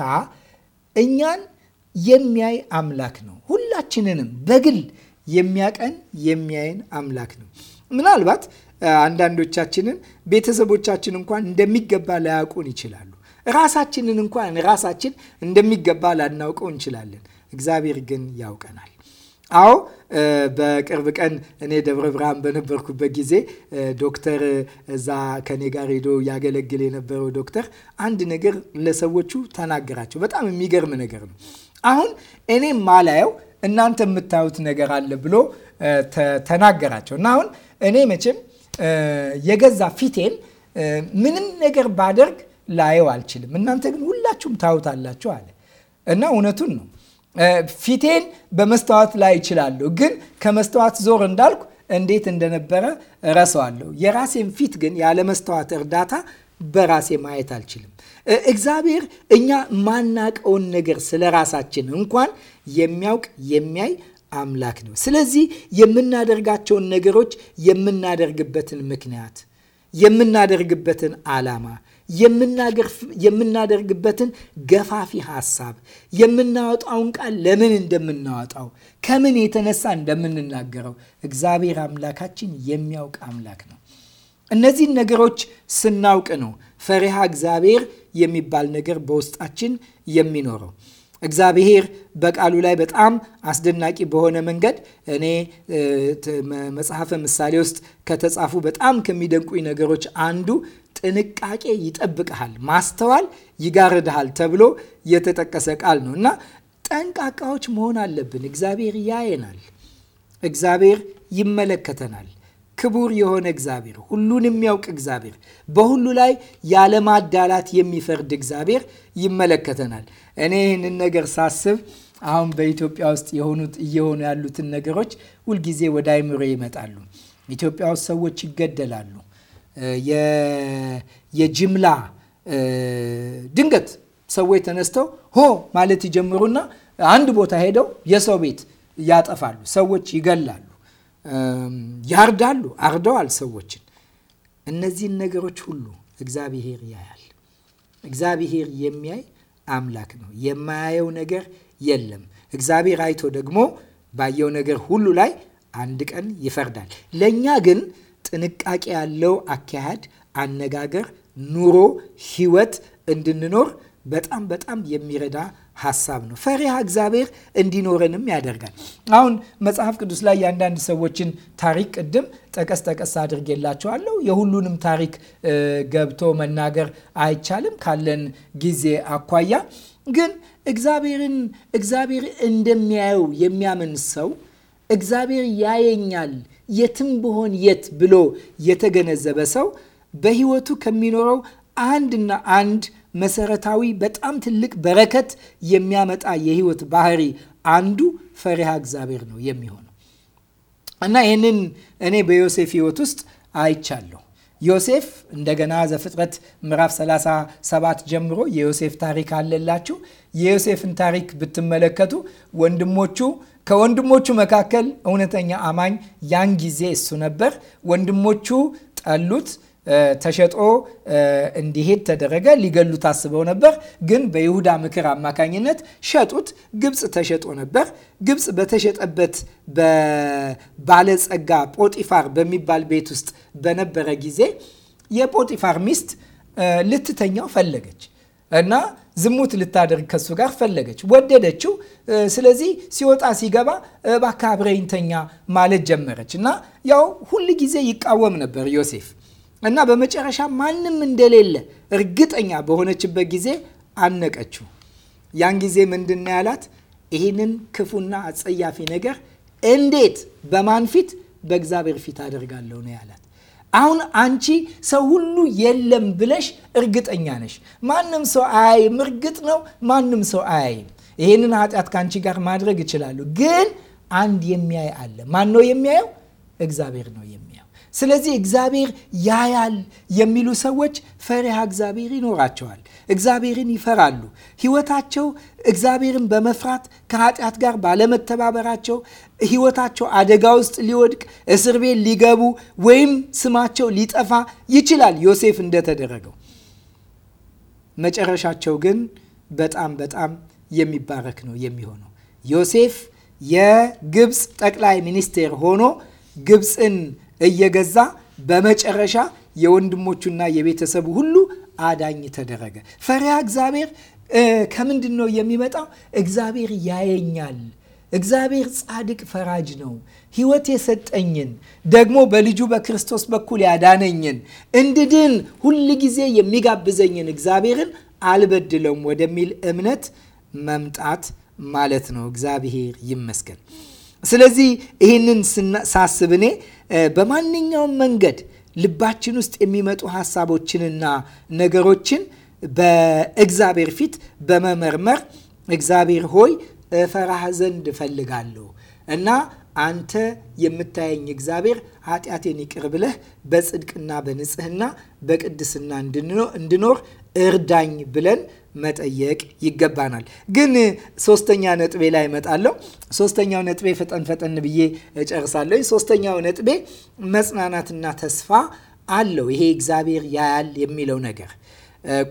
እኛን የሚያይ አምላክ ነው። ሁላችንንም በግል የሚያቀን የሚያይን አምላክ ነው። ምናልባት አንዳንዶቻችንን ቤተሰቦቻችን እንኳን እንደሚገባ ላያውቁን ይችላሉ። ራሳችንን እንኳን ራሳችን እንደሚገባ ላናውቀው እንችላለን። እግዚአብሔር ግን ያውቀናል። አዎ በቅርብ ቀን እኔ ደብረ ብርሃን በነበርኩበት ጊዜ ዶክተር እዛ ከኔ ጋር ሄዶ ያገለግል የነበረው ዶክተር አንድ ነገር ለሰዎቹ ተናገራቸው። በጣም የሚገርም ነገር ነው። አሁን እኔ ማላየው እናንተ የምታዩት ነገር አለ ብሎ ተናገራቸው እና አሁን እኔ መቼም የገዛ ፊቴን ምንም ነገር ባደርግ ላየው አልችልም። እናንተ ግን ሁላችሁም ታዩታላችሁ አለ እና እውነቱን ነው ፊቴን በመስተዋት ላይ እችላለሁ፣ ግን ከመስተዋት ዞር እንዳልኩ እንዴት እንደነበረ እረሳዋለሁ። የራሴን ፊት ግን ያለ መስተዋት እርዳታ በራሴ ማየት አልችልም። እግዚአብሔር እኛ ማናቀውን ነገር ስለ ራሳችን እንኳን የሚያውቅ የሚያይ አምላክ ነው። ስለዚህ የምናደርጋቸውን ነገሮች የምናደርግበትን ምክንያት የምናደርግበትን ዓላማ የምናደርግበትን ገፋፊ ሀሳብ፣ የምናወጣውን ቃል ለምን እንደምናወጣው፣ ከምን የተነሳ እንደምንናገረው እግዚአብሔር አምላካችን የሚያውቅ አምላክ ነው። እነዚህን ነገሮች ስናውቅ ነው ፈሪሃ እግዚአብሔር የሚባል ነገር በውስጣችን የሚኖረው። እግዚአብሔር በቃሉ ላይ በጣም አስደናቂ በሆነ መንገድ እኔ መጽሐፈ ምሳሌ ውስጥ ከተጻፉ በጣም ከሚደንቁኝ ነገሮች አንዱ ጥንቃቄ ይጠብቅሃል፣ ማስተዋል ይጋርድሃል ተብሎ የተጠቀሰ ቃል ነው እና ጠንቃቃዎች መሆን አለብን። እግዚአብሔር ያየናል፣ እግዚአብሔር ይመለከተናል። ክቡር የሆነ እግዚአብሔር፣ ሁሉን የሚያውቅ እግዚአብሔር፣ በሁሉ ላይ ያለማዳላት የሚፈርድ እግዚአብሔር ይመለከተናል። እኔ ይህንን ነገር ሳስብ አሁን በኢትዮጵያ ውስጥ የሆኑት እየሆኑ ያሉትን ነገሮች ሁልጊዜ ወደ አይምሮ ይመጣሉ። ኢትዮጵያ ውስጥ ሰዎች ይገደላሉ። የጅምላ ድንገት ሰዎች ተነስተው ሆ ማለት ይጀምሩና አንድ ቦታ ሄደው የሰው ቤት ያጠፋሉ፣ ሰዎች ይገላሉ፣ ያርዳሉ፣ አርደዋል ሰዎችን። እነዚህን ነገሮች ሁሉ እግዚአብሔር ያያል። እግዚአብሔር የሚያይ አምላክ ነው። የማያየው ነገር የለም። እግዚአብሔር አይቶ ደግሞ ባየው ነገር ሁሉ ላይ አንድ ቀን ይፈርዳል። ለእኛ ግን ጥንቃቄ ያለው አካሄድ፣ አነጋገር፣ ኑሮ፣ ህይወት እንድንኖር በጣም በጣም የሚረዳ ሀሳብ ነው። ፈሪሃ እግዚአብሔር እንዲኖረንም ያደርጋል። አሁን መጽሐፍ ቅዱስ ላይ የአንዳንድ ሰዎችን ታሪክ ቅድም ጠቀስ ጠቀስ አድርጌላቸዋለሁ። የሁሉንም ታሪክ ገብቶ መናገር አይቻልም ካለን ጊዜ አኳያ። ግን እግዚአብሔርን እግዚአብሔር እንደሚያየው የሚያምን ሰው እግዚአብሔር ያየኛል የትም ብሆን የት ብሎ የተገነዘበ ሰው በህይወቱ ከሚኖረው አንድና አንድ መሰረታዊ በጣም ትልቅ በረከት የሚያመጣ የህይወት ባህሪ አንዱ ፈሪሃ እግዚአብሔር ነው የሚሆነው እና ይህንን እኔ በዮሴፍ ህይወት ውስጥ አይቻለሁ። ዮሴፍ እንደገና ዘፍጥረት ምዕራፍ 37 ጀምሮ የዮሴፍ ታሪክ አለላችሁ። የዮሴፍን ታሪክ ብትመለከቱ ወንድሞቹ ከወንድሞቹ መካከል እውነተኛ አማኝ ያን ጊዜ እሱ ነበር። ወንድሞቹ ጠሉት፣ ተሸጦ እንዲሄድ ተደረገ። ሊገሉት አስበው ነበር፣ ግን በይሁዳ ምክር አማካኝነት ሸጡት። ግብፅ ተሸጦ ነበር። ግብፅ በተሸጠበት በባለጸጋ ጶጢፋር በሚባል ቤት ውስጥ በነበረ ጊዜ የጶጢፋር ሚስት ልትተኛው ፈለገች እና ዝሙት ልታደርግ ከሱ ጋር ፈለገች፣ ወደደችው። ስለዚህ ሲወጣ ሲገባ እባክህ አብረኝ ተኛ ማለት ጀመረች እና ያው ሁል ጊዜ ይቃወም ነበር ዮሴፍ እና በመጨረሻ ማንም እንደሌለ እርግጠኛ በሆነችበት ጊዜ አነቀችው። ያን ጊዜ ምንድን ነው ያላት? ይህንን ክፉና አጸያፊ ነገር እንዴት በማን ፊት? በእግዚአብሔር ፊት አደርጋለሁ ነው ያላት። አሁን አንቺ ሰው ሁሉ የለም ብለሽ እርግጠኛ ነሽ። ማንም ሰው አያይም፣ እርግጥ ነው ማንም ሰው አያይም። ይህንን ኃጢአት ከአንቺ ጋር ማድረግ እችላለሁ፣ ግን አንድ የሚያይ አለ። ማን ነው የሚያየው? እግዚአብሔር ነው የሚያየው። ስለዚህ እግዚአብሔር ያያል የሚሉ ሰዎች ፈሪሃ እግዚአብሔር ይኖራቸዋል። እግዚአብሔርን ይፈራሉ። ህይወታቸው እግዚአብሔርን በመፍራት ከኃጢአት ጋር ባለመተባበራቸው ህይወታቸው አደጋ ውስጥ ሊወድቅ፣ እስር ቤት ሊገቡ ወይም ስማቸው ሊጠፋ ይችላል ዮሴፍ እንደተደረገው። መጨረሻቸው ግን በጣም በጣም የሚባረክ ነው የሚሆነው። ዮሴፍ የግብፅ ጠቅላይ ሚኒስቴር ሆኖ ግብፅን እየገዛ በመጨረሻ የወንድሞቹና የቤተሰቡ ሁሉ አዳኝ ተደረገ። ፈሪሃ እግዚአብሔር ከምንድን ነው የሚመጣው? እግዚአብሔር ያየኛል እግዚአብሔር ጻድቅ ፈራጅ ነው። ሕይወት የሰጠኝን ደግሞ በልጁ በክርስቶስ በኩል ያዳነኝን እንድድን ሁል ጊዜ የሚጋብዘኝን እግዚአብሔርን አልበድለውም ወደሚል እምነት መምጣት ማለት ነው። እግዚአብሔር ይመስገን። ስለዚህ ይህንን ሳስብ እኔ በማንኛውም መንገድ ልባችን ውስጥ የሚመጡ ሀሳቦችንና ነገሮችን በእግዚአብሔር ፊት በመመርመር እግዚአብሔር ሆይ እፈራህ ዘንድ እፈልጋለሁ እና አንተ የምታየኝ እግዚአብሔር ኃጢአቴን ይቅር ብለህ በጽድቅና በንጽህና በቅድስና እንድኖር እርዳኝ ብለን መጠየቅ ይገባናል። ግን ሶስተኛ ነጥቤ ላይ እመጣለሁ። ሶስተኛው ነጥቤ ፈጠን ፈጠን ብዬ እጨርሳለሁ። ሶስተኛው ነጥቤ መጽናናትና ተስፋ አለው። ይሄ እግዚአብሔር ያያል የሚለው ነገር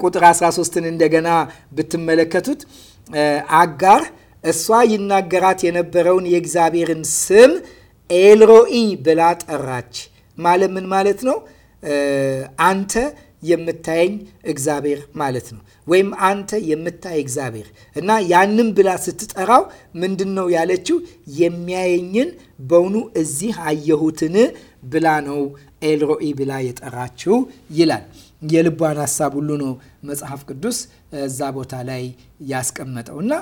ቁጥር 13ን እንደገና ብትመለከቱት አጋር እሷ ይናገራት የነበረውን የእግዚአብሔርን ስም ኤልሮኢ ብላ ጠራች። ማለት ምን ማለት ነው? አንተ የምታየኝ እግዚአብሔር ማለት ነው። ወይም አንተ የምታይ እግዚአብሔር እና ያንም ብላ ስትጠራው ምንድን ነው ያለችው? የሚያየኝን በውኑ እዚህ አየሁትን ብላ ነው ኤልሮኢ ብላ የጠራችው ይላል። የልቧን ሀሳብ ሁሉ ነው መጽሐፍ ቅዱስ እዛ ቦታ ላይ ያስቀመጠው እና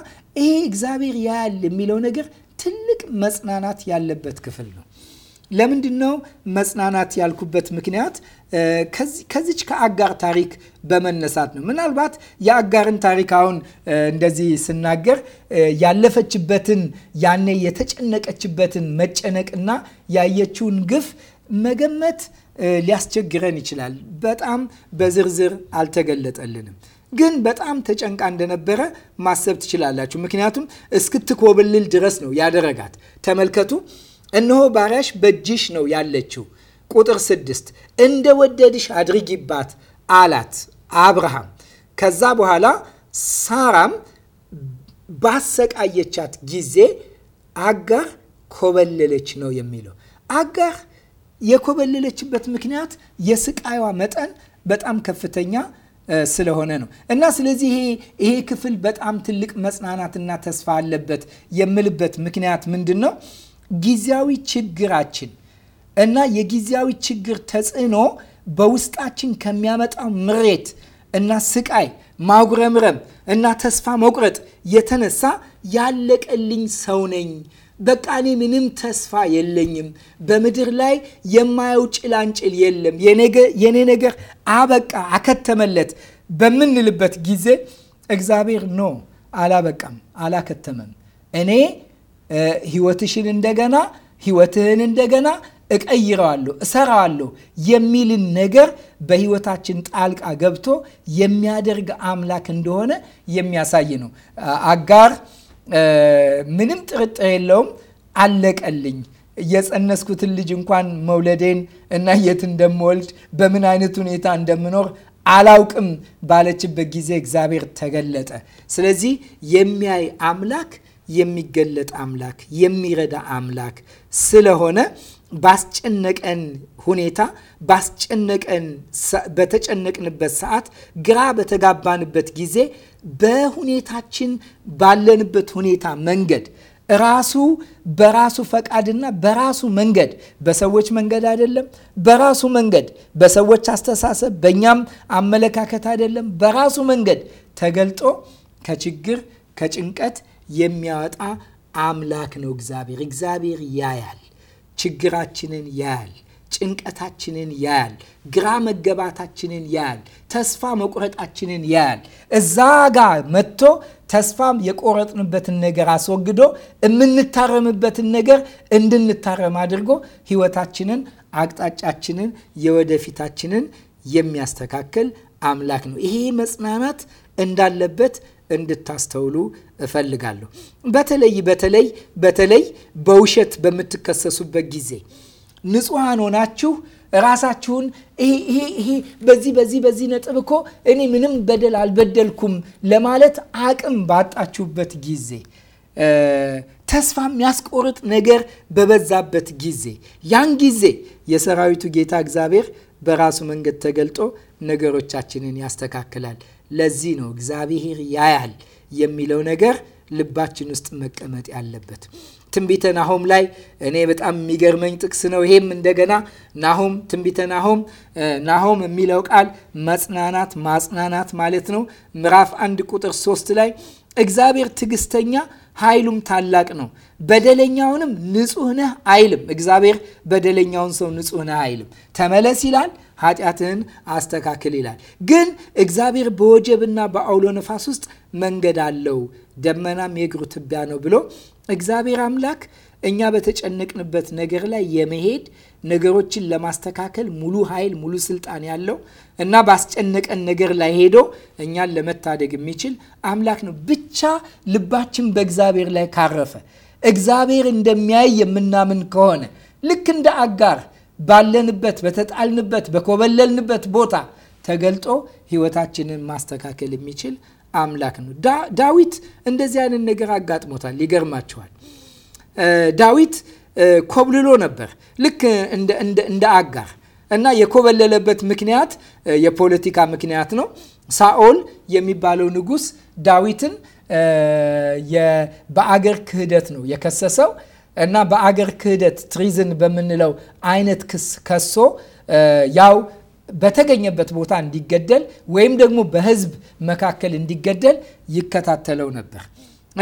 ይሄ እግዚአብሔር ያያል የሚለው ነገር ትልቅ መጽናናት ያለበት ክፍል ነው። ለምንድን ነው መጽናናት ያልኩበት ምክንያት ከዚች ከአጋር ታሪክ በመነሳት ነው። ምናልባት የአጋርን ታሪክ አሁን እንደዚህ ስናገር ያለፈችበትን ያኔ የተጨነቀችበትን መጨነቅና ያየችውን ግፍ መገመት ሊያስቸግረን ይችላል። በጣም በዝርዝር አልተገለጠልንም። ግን በጣም ተጨንቃ እንደነበረ ማሰብ ትችላላችሁ። ምክንያቱም እስክትኮብልል ድረስ ነው ያደረጋት። ተመልከቱ እነሆ ባሪያሽ በእጅሽ ነው ያለችው። ቁጥር ስድስት እንደ ወደድሽ አድርጊባት አላት አብርሃም። ከዛ በኋላ ሳራም ባሰቃየቻት ጊዜ አጋር ኮበለለች ነው የሚለው። አጋር የኮበለለችበት ምክንያት የስቃይዋ መጠን በጣም ከፍተኛ ስለሆነ ነው እና ስለዚህ ይሄ ክፍል በጣም ትልቅ መጽናናትና ተስፋ አለበት የምልበት ምክንያት ምንድን ነው? ጊዜያዊ ችግራችን እና የጊዜያዊ ችግር ተጽዕኖ በውስጣችን ከሚያመጣው ምሬት እና ስቃይ፣ ማጉረምረም እና ተስፋ መቁረጥ የተነሳ ያለቀልኝ ሰው ነኝ፣ በቃ እኔ ምንም ተስፋ የለኝም፣ በምድር ላይ የማየው ጭላንጭል የለም፣ የኔ ነገር አበቃ አከተመለት በምንልበት ጊዜ እግዚአብሔር ኖ አላበቃም፣ አላከተመም እኔ ህይወትሽን እንደገና ህይወትህን እንደገና እቀይረዋለሁ እሰራዋለሁ የሚልን ነገር በህይወታችን ጣልቃ ገብቶ የሚያደርግ አምላክ እንደሆነ የሚያሳይ ነው። አጋር ምንም ጥርጥር የለውም አለቀልኝ የጸነስኩትን ልጅ እንኳን መውለዴን እና የት እንደምወልድ በምን አይነት ሁኔታ እንደምኖር አላውቅም ባለችበት ጊዜ እግዚአብሔር ተገለጠ። ስለዚህ የሚያይ አምላክ የሚገለጥ አምላክ የሚረዳ አምላክ ስለሆነ ባስጨነቀን ሁኔታ ባስጨነቀን በተጨነቅንበት ሰዓት ግራ በተጋባንበት ጊዜ በሁኔታችን ባለንበት ሁኔታ መንገድ ራሱ በራሱ ፈቃድና በራሱ መንገድ በሰዎች መንገድ አይደለም፣ በራሱ መንገድ በሰዎች አስተሳሰብ በእኛም አመለካከት አይደለም፣ በራሱ መንገድ ተገልጦ ከችግር ከጭንቀት የሚያወጣ አምላክ ነው እግዚአብሔር። እግዚአብሔር ያያል፣ ችግራችንን ያያል፣ ጭንቀታችንን ያያል፣ ግራ መገባታችንን ያያል፣ ተስፋ መቁረጣችንን ያያል። እዛ ጋር መጥቶ ተስፋ የቆረጥንበትን ነገር አስወግዶ የምንታረምበትን ነገር እንድንታረም አድርጎ ሕይወታችንን፣ አቅጣጫችንን፣ የወደፊታችንን የሚያስተካክል አምላክ ነው። ይሄ መጽናናት እንዳለበት እንድታስተውሉ እፈልጋለሁ። በተለይ በተለይ በተለይ በውሸት በምትከሰሱበት ጊዜ ንጹሐን ሆናችሁ ራሳችሁን ይሄ በዚህ በዚህ በዚህ ነጥብ እኮ እኔ ምንም በደል አልበደልኩም ለማለት አቅም ባጣችሁበት ጊዜ ተስፋ የሚያስቆርጥ ነገር በበዛበት ጊዜ ያን ጊዜ የሰራዊቱ ጌታ እግዚአብሔር በራሱ መንገድ ተገልጦ ነገሮቻችንን ያስተካክላል። ለዚህ ነው እግዚአብሔር ያያል የሚለው ነገር ልባችን ውስጥ መቀመጥ ያለበት። ትንቢተ ናሆም ላይ እኔ በጣም የሚገርመኝ ጥቅስ ነው። ይሄም እንደገና ናሆም ትንቢተ ናሆም ናሆም የሚለው ቃል መጽናናት፣ ማጽናናት ማለት ነው። ምዕራፍ አንድ ቁጥር ሶስት ላይ እግዚአብሔር ትዕግስተኛ ኃይሉም ታላቅ ነው፣ በደለኛውንም ንጹህ ነህ አይልም። እግዚአብሔር በደለኛውን ሰው ንጹህ ነህ አይልም፣ ተመለስ ይላል ኃጢአትህን አስተካክል ይላል። ግን እግዚአብሔር በወጀብና በአውሎ ነፋስ ውስጥ መንገድ አለው፣ ደመናም የእግሩ ትቢያ ነው ብሎ እግዚአብሔር አምላክ እኛ በተጨነቅንበት ነገር ላይ የመሄድ ነገሮችን ለማስተካከል ሙሉ ኃይል ሙሉ ስልጣን ያለው እና ባስጨነቀን ነገር ላይ ሄዶ እኛን ለመታደግ የሚችል አምላክ ነው። ብቻ ልባችን በእግዚአብሔር ላይ ካረፈ እግዚአብሔር እንደሚያይ የምናምን ከሆነ ልክ እንደ አጋር ባለንበት፣ በተጣልንበት፣ በኮበለልንበት ቦታ ተገልጦ ህይወታችንን ማስተካከል የሚችል አምላክ ነው። ዳዊት እንደዚህ አይነት ነገር አጋጥሞታል። ይገርማችኋል። ዳዊት ኮብልሎ ነበር ልክ እንደ አጋር እና የኮበለለበት ምክንያት የፖለቲካ ምክንያት ነው። ሳኦል የሚባለው ንጉስ ዳዊትን በአገር ክህደት ነው የከሰሰው። እና በአገር ክህደት ትሪዝን በምንለው አይነት ክስ ከሶ ያው በተገኘበት ቦታ እንዲገደል ወይም ደግሞ በህዝብ መካከል እንዲገደል ይከታተለው ነበር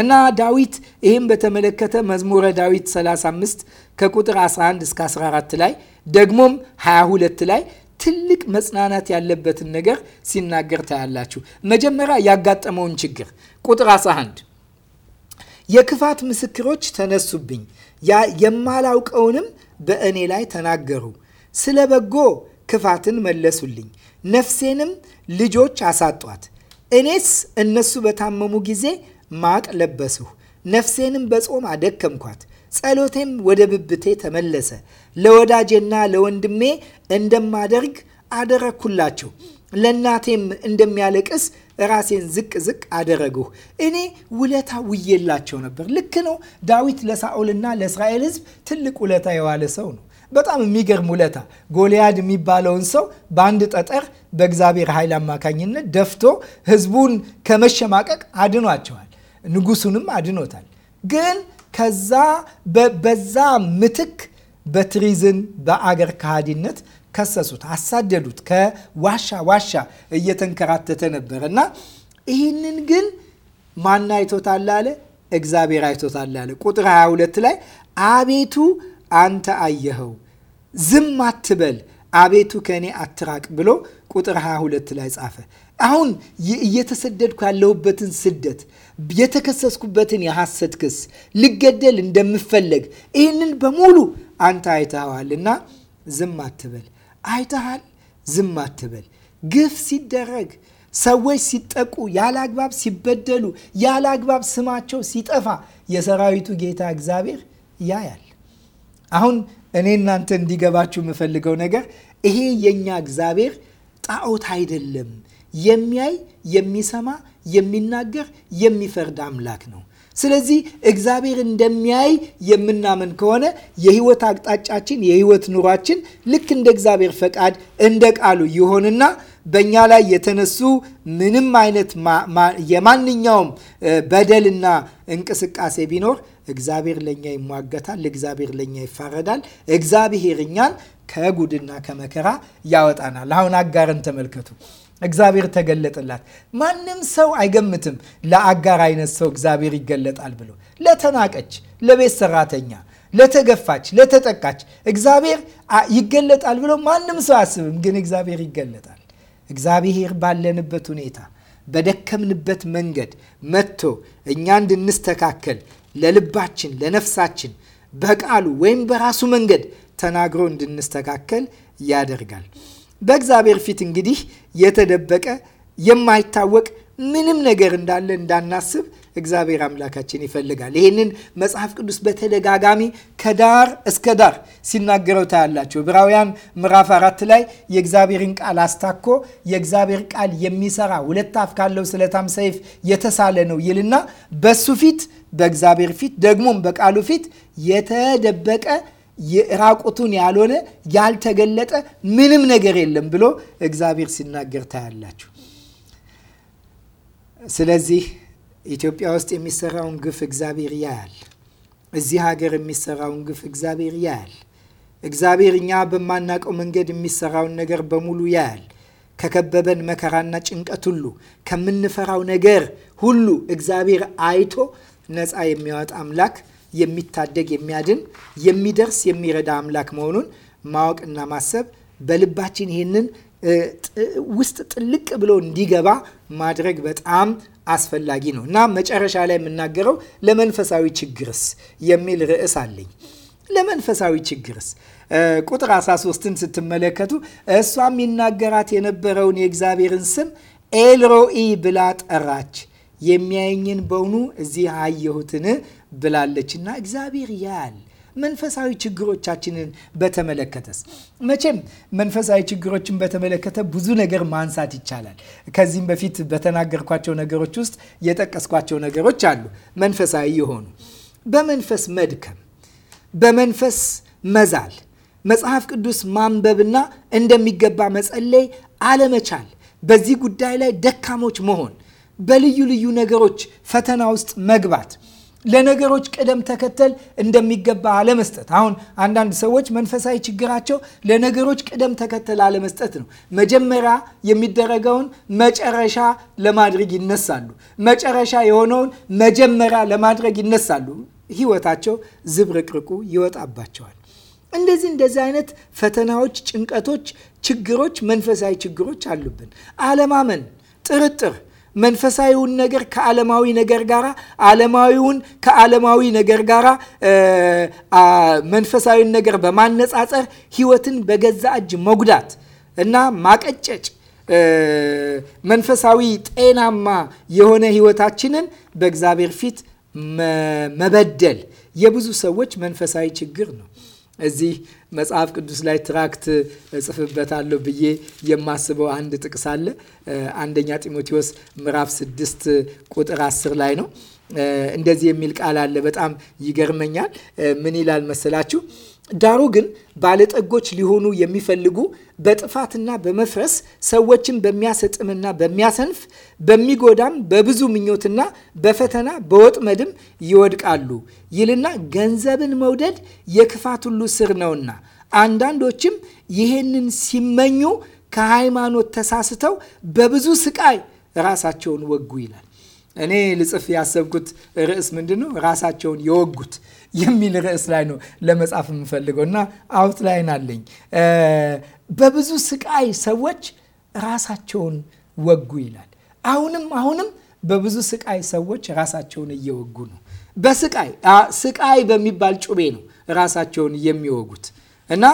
እና ዳዊት ይህም በተመለከተ መዝሙረ ዳዊት 35 ከቁጥር 11 እስከ 14 ላይ ደግሞም 22 ላይ ትልቅ መጽናናት ያለበትን ነገር ሲናገር ታያላችሁ። መጀመሪያ ያጋጠመውን ችግር ቁጥር 11 የክፋት ምስክሮች ተነሱብኝ፣ የማላውቀውንም በእኔ ላይ ተናገሩ። ስለ በጎ ክፋትን መለሱልኝ፣ ነፍሴንም ልጆች አሳጧት። እኔስ እነሱ በታመሙ ጊዜ ማቅ ለበስሁ፣ ነፍሴንም በጾም አደከምኳት። ጸሎቴም ወደ ብብቴ ተመለሰ። ለወዳጄና ለወንድሜ እንደማደርግ አደረግኩላቸው፣ ለእናቴም እንደሚያለቅስ ራሴን ዝቅ ዝቅ አደረግሁ። እኔ ውለታ ውዬላቸው ነበር። ልክ ነው። ዳዊት ለሳኦልና ለእስራኤል ሕዝብ ትልቅ ውለታ የዋለ ሰው ነው። በጣም የሚገርም ውለታ። ጎልያድ የሚባለውን ሰው በአንድ ጠጠር በእግዚአብሔር ኃይል አማካኝነት ደፍቶ ህዝቡን ከመሸማቀቅ አድኗቸዋል። ንጉሱንም አድኖታል። ግን ከዛ በዛ ምትክ በትሪዝን በአገር ከሃዲነት ከሰሱት፣ አሳደዱት። ከዋሻ ዋሻ እየተንከራተተ ነበር እና ይህንን ግን ማን አይቶታል አለ? እግዚአብሔር አይቶታል አለ። ቁጥር 22 ላይ አቤቱ አንተ አየኸው፣ ዝም አትበል፣ አቤቱ ከእኔ አትራቅ ብሎ ቁጥር 22 ላይ ጻፈ። አሁን እየተሰደድኩ ያለሁበትን ስደት፣ የተከሰስኩበትን የሐሰት ክስ፣ ልገደል እንደምፈለግ ይህንን በሙሉ አንተ እና ዝም አትበል አይተሃል፣ ዝም አትበል። ግፍ ሲደረግ፣ ሰዎች ሲጠቁ፣ ያለ አግባብ ሲበደሉ፣ ያለ አግባብ ስማቸው ሲጠፋ የሰራዊቱ ጌታ እግዚአብሔር ያያል። አሁን እኔ እናንተ እንዲገባችሁ የምፈልገው ነገር ይሄ የእኛ እግዚአብሔር ጣዖት አይደለም። የሚያይ የሚሰማ፣ የሚናገር፣ የሚፈርድ አምላክ ነው። ስለዚህ እግዚአብሔር እንደሚያይ የምናምን ከሆነ የህይወት አቅጣጫችን፣ የህይወት ኑሯችን ልክ እንደ እግዚአብሔር ፈቃድ እንደ ቃሉ ይሆንና በእኛ ላይ የተነሱ ምንም አይነት የማንኛውም በደልና እንቅስቃሴ ቢኖር እግዚአብሔር ለእኛ ይሟገታል። እግዚአብሔር ለእኛ ይፋረዳል። እግዚአብሔር እኛን ከጉድና ከመከራ ያወጣናል። አሁን አጋርን ተመልከቱ። እግዚአብሔር ተገለጠላት። ማንም ሰው አይገምትም ለአጋር አይነት ሰው እግዚአብሔር ይገለጣል ብሎ ለተናቀች፣ ለቤት ሰራተኛ፣ ለተገፋች፣ ለተጠቃች እግዚአብሔር ይገለጣል ብሎ ማንም ሰው አያስብም። ግን እግዚአብሔር ይገለጣል። እግዚአብሔር ባለንበት ሁኔታ በደከምንበት መንገድ መጥቶ እኛ እንድንስተካከል ለልባችን ለነፍሳችን በቃሉ ወይም በራሱ መንገድ ተናግሮ እንድንስተካከል ያደርጋል። በእግዚአብሔር ፊት እንግዲህ የተደበቀ የማይታወቅ ምንም ነገር እንዳለ እንዳናስብ እግዚአብሔር አምላካችን ይፈልጋል። ይህንን መጽሐፍ ቅዱስ በተደጋጋሚ ከዳር እስከ ዳር ሲናገረው ታያላችሁ። ዕብራውያን ምዕራፍ አራት ላይ የእግዚአብሔርን ቃል አስታኮ የእግዚአብሔር ቃል የሚሰራ ሁለት አፍ ካለው ስለታም ሰይፍ የተሳለ ነው ይልና በሱ ፊት በእግዚአብሔር ፊት ደግሞም በቃሉ ፊት የተደበቀ ራቁቱን ያልሆነ ያልተገለጠ ምንም ነገር የለም ብሎ እግዚአብሔር ሲናገር ታያላችሁ። ስለዚህ ኢትዮጵያ ውስጥ የሚሰራውን ግፍ እግዚአብሔር ያያል። እዚህ ሀገር የሚሰራውን ግፍ እግዚአብሔር ያያል። እግዚአብሔር እኛ በማናቀው መንገድ የሚሰራውን ነገር በሙሉ ያያል። ከከበበን መከራና ጭንቀት ሁሉ ከምንፈራው ነገር ሁሉ እግዚአብሔር አይቶ ነፃ የሚያወጣ አምላክ የሚታደግ የሚያድን፣ የሚደርስ የሚረዳ አምላክ መሆኑን ማወቅና ማሰብ በልባችን ይህንን ውስጥ ጥልቅ ብሎ እንዲገባ ማድረግ በጣም አስፈላጊ ነው እና መጨረሻ ላይ የምናገረው ለመንፈሳዊ ችግርስ የሚል ርዕስ አለኝ። ለመንፈሳዊ ችግርስ ቁጥር 13ን ስትመለከቱ እሷም ይናገራት የነበረውን የእግዚአብሔርን ስም ኤልሮኢ ብላ ጠራች። የሚያየኝን በውኑ እዚህ አየሁትን ብላለችና እግዚአብሔር ያል መንፈሳዊ ችግሮቻችንን በተመለከተስ መቼም መንፈሳዊ ችግሮችን በተመለከተ ብዙ ነገር ማንሳት ይቻላል። ከዚህም በፊት በተናገርኳቸው ነገሮች ውስጥ የጠቀስኳቸው ነገሮች አሉ። መንፈሳዊ የሆኑ በመንፈስ መድከም፣ በመንፈስ መዛል፣ መጽሐፍ ቅዱስ ማንበብና እንደሚገባ መጸለይ አለመቻል፣ በዚህ ጉዳይ ላይ ደካሞች መሆን፣ በልዩ ልዩ ነገሮች ፈተና ውስጥ መግባት ለነገሮች ቅደም ተከተል እንደሚገባ አለመስጠት። አሁን አንዳንድ ሰዎች መንፈሳዊ ችግራቸው ለነገሮች ቅደም ተከተል አለመስጠት ነው። መጀመሪያ የሚደረገውን መጨረሻ ለማድረግ ይነሳሉ። መጨረሻ የሆነውን መጀመሪያ ለማድረግ ይነሳሉ። ህይወታቸው ዝብርቅርቁ ይወጣባቸዋል። እንደዚህ እንደዚህ አይነት ፈተናዎች፣ ጭንቀቶች፣ ችግሮች፣ መንፈሳዊ ችግሮች አሉብን። አለማመን፣ ጥርጥር መንፈሳዊውን ነገር ከዓለማዊ ነገር ጋር፣ ዓለማዊውን ከዓለማዊ ነገር ጋር መንፈሳዊን ነገር በማነጻጸር ህይወትን በገዛ እጅ መጉዳት እና ማቀጨጭ መንፈሳዊ ጤናማ የሆነ ህይወታችንን በእግዚአብሔር ፊት መበደል የብዙ ሰዎች መንፈሳዊ ችግር ነው። እዚህ መጽሐፍ ቅዱስ ላይ ትራክት እጽፍበታለሁ ብዬ የማስበው አንድ ጥቅስ አለ። አንደኛ ጢሞቴዎስ ምዕራፍ 6 ቁጥር 10 ላይ ነው። እንደዚህ የሚል ቃል አለ። በጣም ይገርመኛል። ምን ይላል መሰላችሁ? ዳሩ ግን ባለጠጎች ሊሆኑ የሚፈልጉ በጥፋትና በመፍረስ ሰዎችን በሚያሰጥምና በሚያሰንፍ በሚጎዳም በብዙ ምኞትና በፈተና በወጥመድም ይወድቃሉ ይልና ገንዘብን መውደድ የክፋት ሁሉ ስር ነውና አንዳንዶችም ይህንን ሲመኙ ከሃይማኖት ተሳስተው በብዙ ስቃይ ራሳቸውን ወጉ ይላል። እኔ ልጽፍ ያሰብኩት ርዕስ ምንድን ነው? ራሳቸውን የወጉት የሚል ርዕስ ላይ ነው ለመጻፍ የምፈልገው እና አውትላይን አለኝ። በብዙ ስቃይ ሰዎች ራሳቸውን ወጉ ይላል። አሁንም አሁንም በብዙ ስቃይ ሰዎች ራሳቸውን እየወጉ ነው። በስቃይ ስቃይ በሚባል ጩቤ ነው ራሳቸውን የሚወጉት እና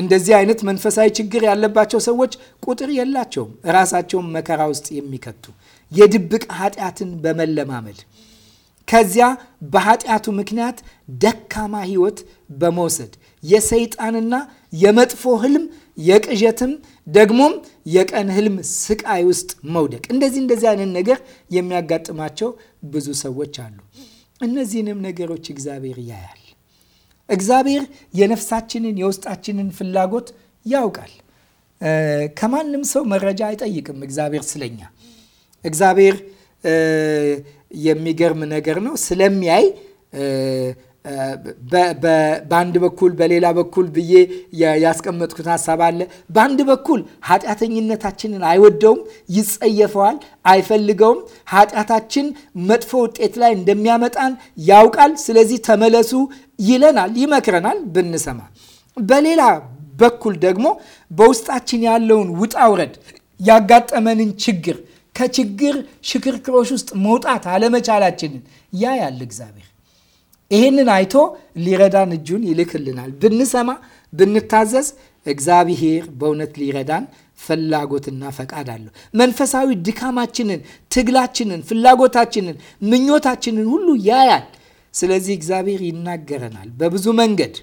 እንደዚህ አይነት መንፈሳዊ ችግር ያለባቸው ሰዎች ቁጥር የላቸውም። ራሳቸውን መከራ ውስጥ የሚከቱ የድብቅ ኃጢአትን በመለማመድ ከዚያ በኃጢአቱ ምክንያት ደካማ ህይወት በመውሰድ የሰይጣንና የመጥፎ ህልም የቅዠትም ደግሞም የቀን ህልም ስቃይ ውስጥ መውደቅ እንደዚህ እንደዚህ አይነት ነገር የሚያጋጥማቸው ብዙ ሰዎች አሉ። እነዚህንም ነገሮች እግዚአብሔር ያያል። እግዚአብሔር የነፍሳችንን የውስጣችንን ፍላጎት ያውቃል። ከማንም ሰው መረጃ አይጠይቅም። እግዚአብሔር ስለኛ እግዚአብሔር የሚገርም ነገር ነው። ስለሚያይ በአንድ በኩል በሌላ በኩል ብዬ ያስቀመጥኩት ሀሳብ አለ። በአንድ በኩል ኃጢአተኝነታችንን አይወደውም፣ ይጸየፈዋል፣ አይፈልገውም። ኃጢአታችን መጥፎ ውጤት ላይ እንደሚያመጣን ያውቃል። ስለዚህ ተመለሱ ይለናል፣ ይመክረናል ብንሰማ። በሌላ በኩል ደግሞ በውስጣችን ያለውን ውጣ ውረድ ያጋጠመንን ችግር ከችግር ሽክርክሮች ውስጥ መውጣት አለመቻላችንን ያ ያለ እግዚአብሔር ይሄንን አይቶ ሊረዳን እጁን ይልክልናል። ብንሰማ፣ ብንታዘዝ እግዚአብሔር በእውነት ሊረዳን ፍላጎትና ፈቃድ አለው። መንፈሳዊ ድካማችንን፣ ትግላችንን፣ ፍላጎታችንን፣ ምኞታችንን ሁሉ ያያል። ስለዚህ እግዚአብሔር ይናገረናል በብዙ መንገድ።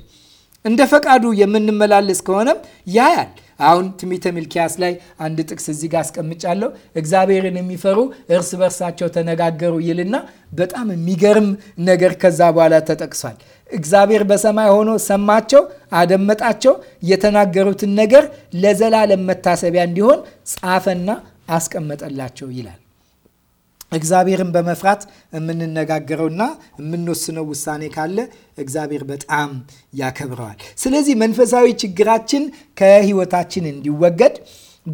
እንደ ፈቃዱ የምንመላለስ ከሆነም ያያል። አሁን ትሚተ ሚልኪያስ ላይ አንድ ጥቅስ እዚህ ጋር አስቀምጫለሁ። እግዚአብሔርን የሚፈሩ እርስ በርሳቸው ተነጋገሩ ይልና በጣም የሚገርም ነገር ከዛ በኋላ ተጠቅሷል። እግዚአብሔር በሰማይ ሆኖ ሰማቸው፣ አደመጣቸው። የተናገሩትን ነገር ለዘላለም መታሰቢያ እንዲሆን ጻፈና አስቀመጠላቸው ይላል። እግዚአብሔርን በመፍራት የምንነጋገረውና የምንወስነው ውሳኔ ካለ እግዚአብሔር በጣም ያከብረዋል። ስለዚህ መንፈሳዊ ችግራችን ከህይወታችን እንዲወገድ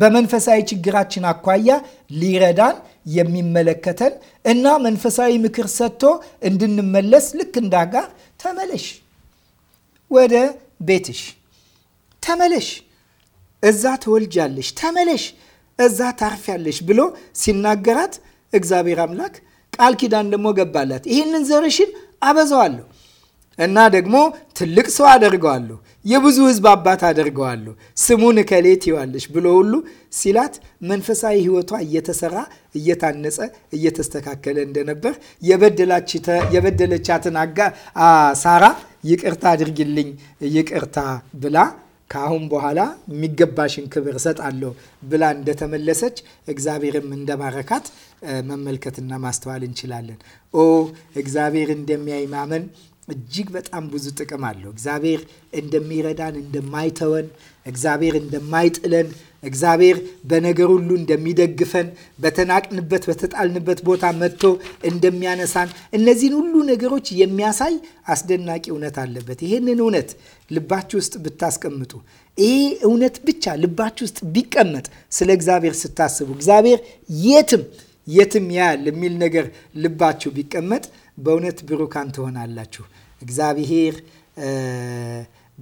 በመንፈሳዊ ችግራችን አኳያ ሊረዳን የሚመለከተን እና መንፈሳዊ ምክር ሰጥቶ እንድንመለስ ልክ እንዳጋር ተመለሽ፣ ወደ ቤትሽ ተመለሽ፣ እዛ ትወልጃለሽ፣ ተመለሽ፣ እዛ ታርፊያለሽ ብሎ ሲናገራት እግዚአብሔር አምላክ ቃል ኪዳን ደግሞ ገባላት። ይህንን ዘርሽን አበዛዋለሁ እና ደግሞ ትልቅ ሰው አደርገዋለሁ፣ የብዙ ሕዝብ አባት አደርገዋለሁ፣ ስሙን እከሌ ትይዋለሽ ብሎ ሁሉ ሲላት መንፈሳዊ ሕይወቷ እየተሰራ እየታነጸ እየተስተካከለ እንደነበር የበደለቻትን አጋ ሳራ ይቅርታ አድርግልኝ ይቅርታ ብላ ከአሁን በኋላ የሚገባሽን ክብር እሰጣለሁ ብላ እንደተመለሰች እግዚአብሔርም እንደባረካት መመልከትና ማስተዋል እንችላለን። ኦ እግዚአብሔር እንደሚያይ ማመን እጅግ በጣም ብዙ ጥቅም አለው። እግዚአብሔር እንደሚረዳን፣ እንደማይተወን፣ እግዚአብሔር እንደማይጥለን እግዚአብሔር በነገር ሁሉ እንደሚደግፈን፣ በተናቅንበት በተጣልንበት ቦታ መጥቶ እንደሚያነሳን እነዚህን ሁሉ ነገሮች የሚያሳይ አስደናቂ እውነት አለበት። ይህንን እውነት ልባችሁ ውስጥ ብታስቀምጡ፣ ይሄ እውነት ብቻ ልባችሁ ውስጥ ቢቀመጥ፣ ስለ እግዚአብሔር ስታስቡ እግዚአብሔር የትም የትም ያያል የሚል ነገር ልባችሁ ቢቀመጥ፣ በእውነት ብሩካን ትሆናላችሁ። እግዚአብሔር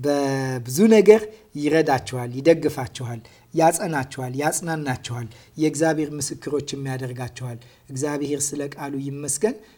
በብዙ ነገር ይረዳችኋል፣ ይደግፋችኋል። ያጸናቸዋል ያጽናናቸዋል። የእግዚአብሔር ምስክሮችም ያደርጋቸዋል እግዚአብሔር ስለ ቃሉ ይመስገን።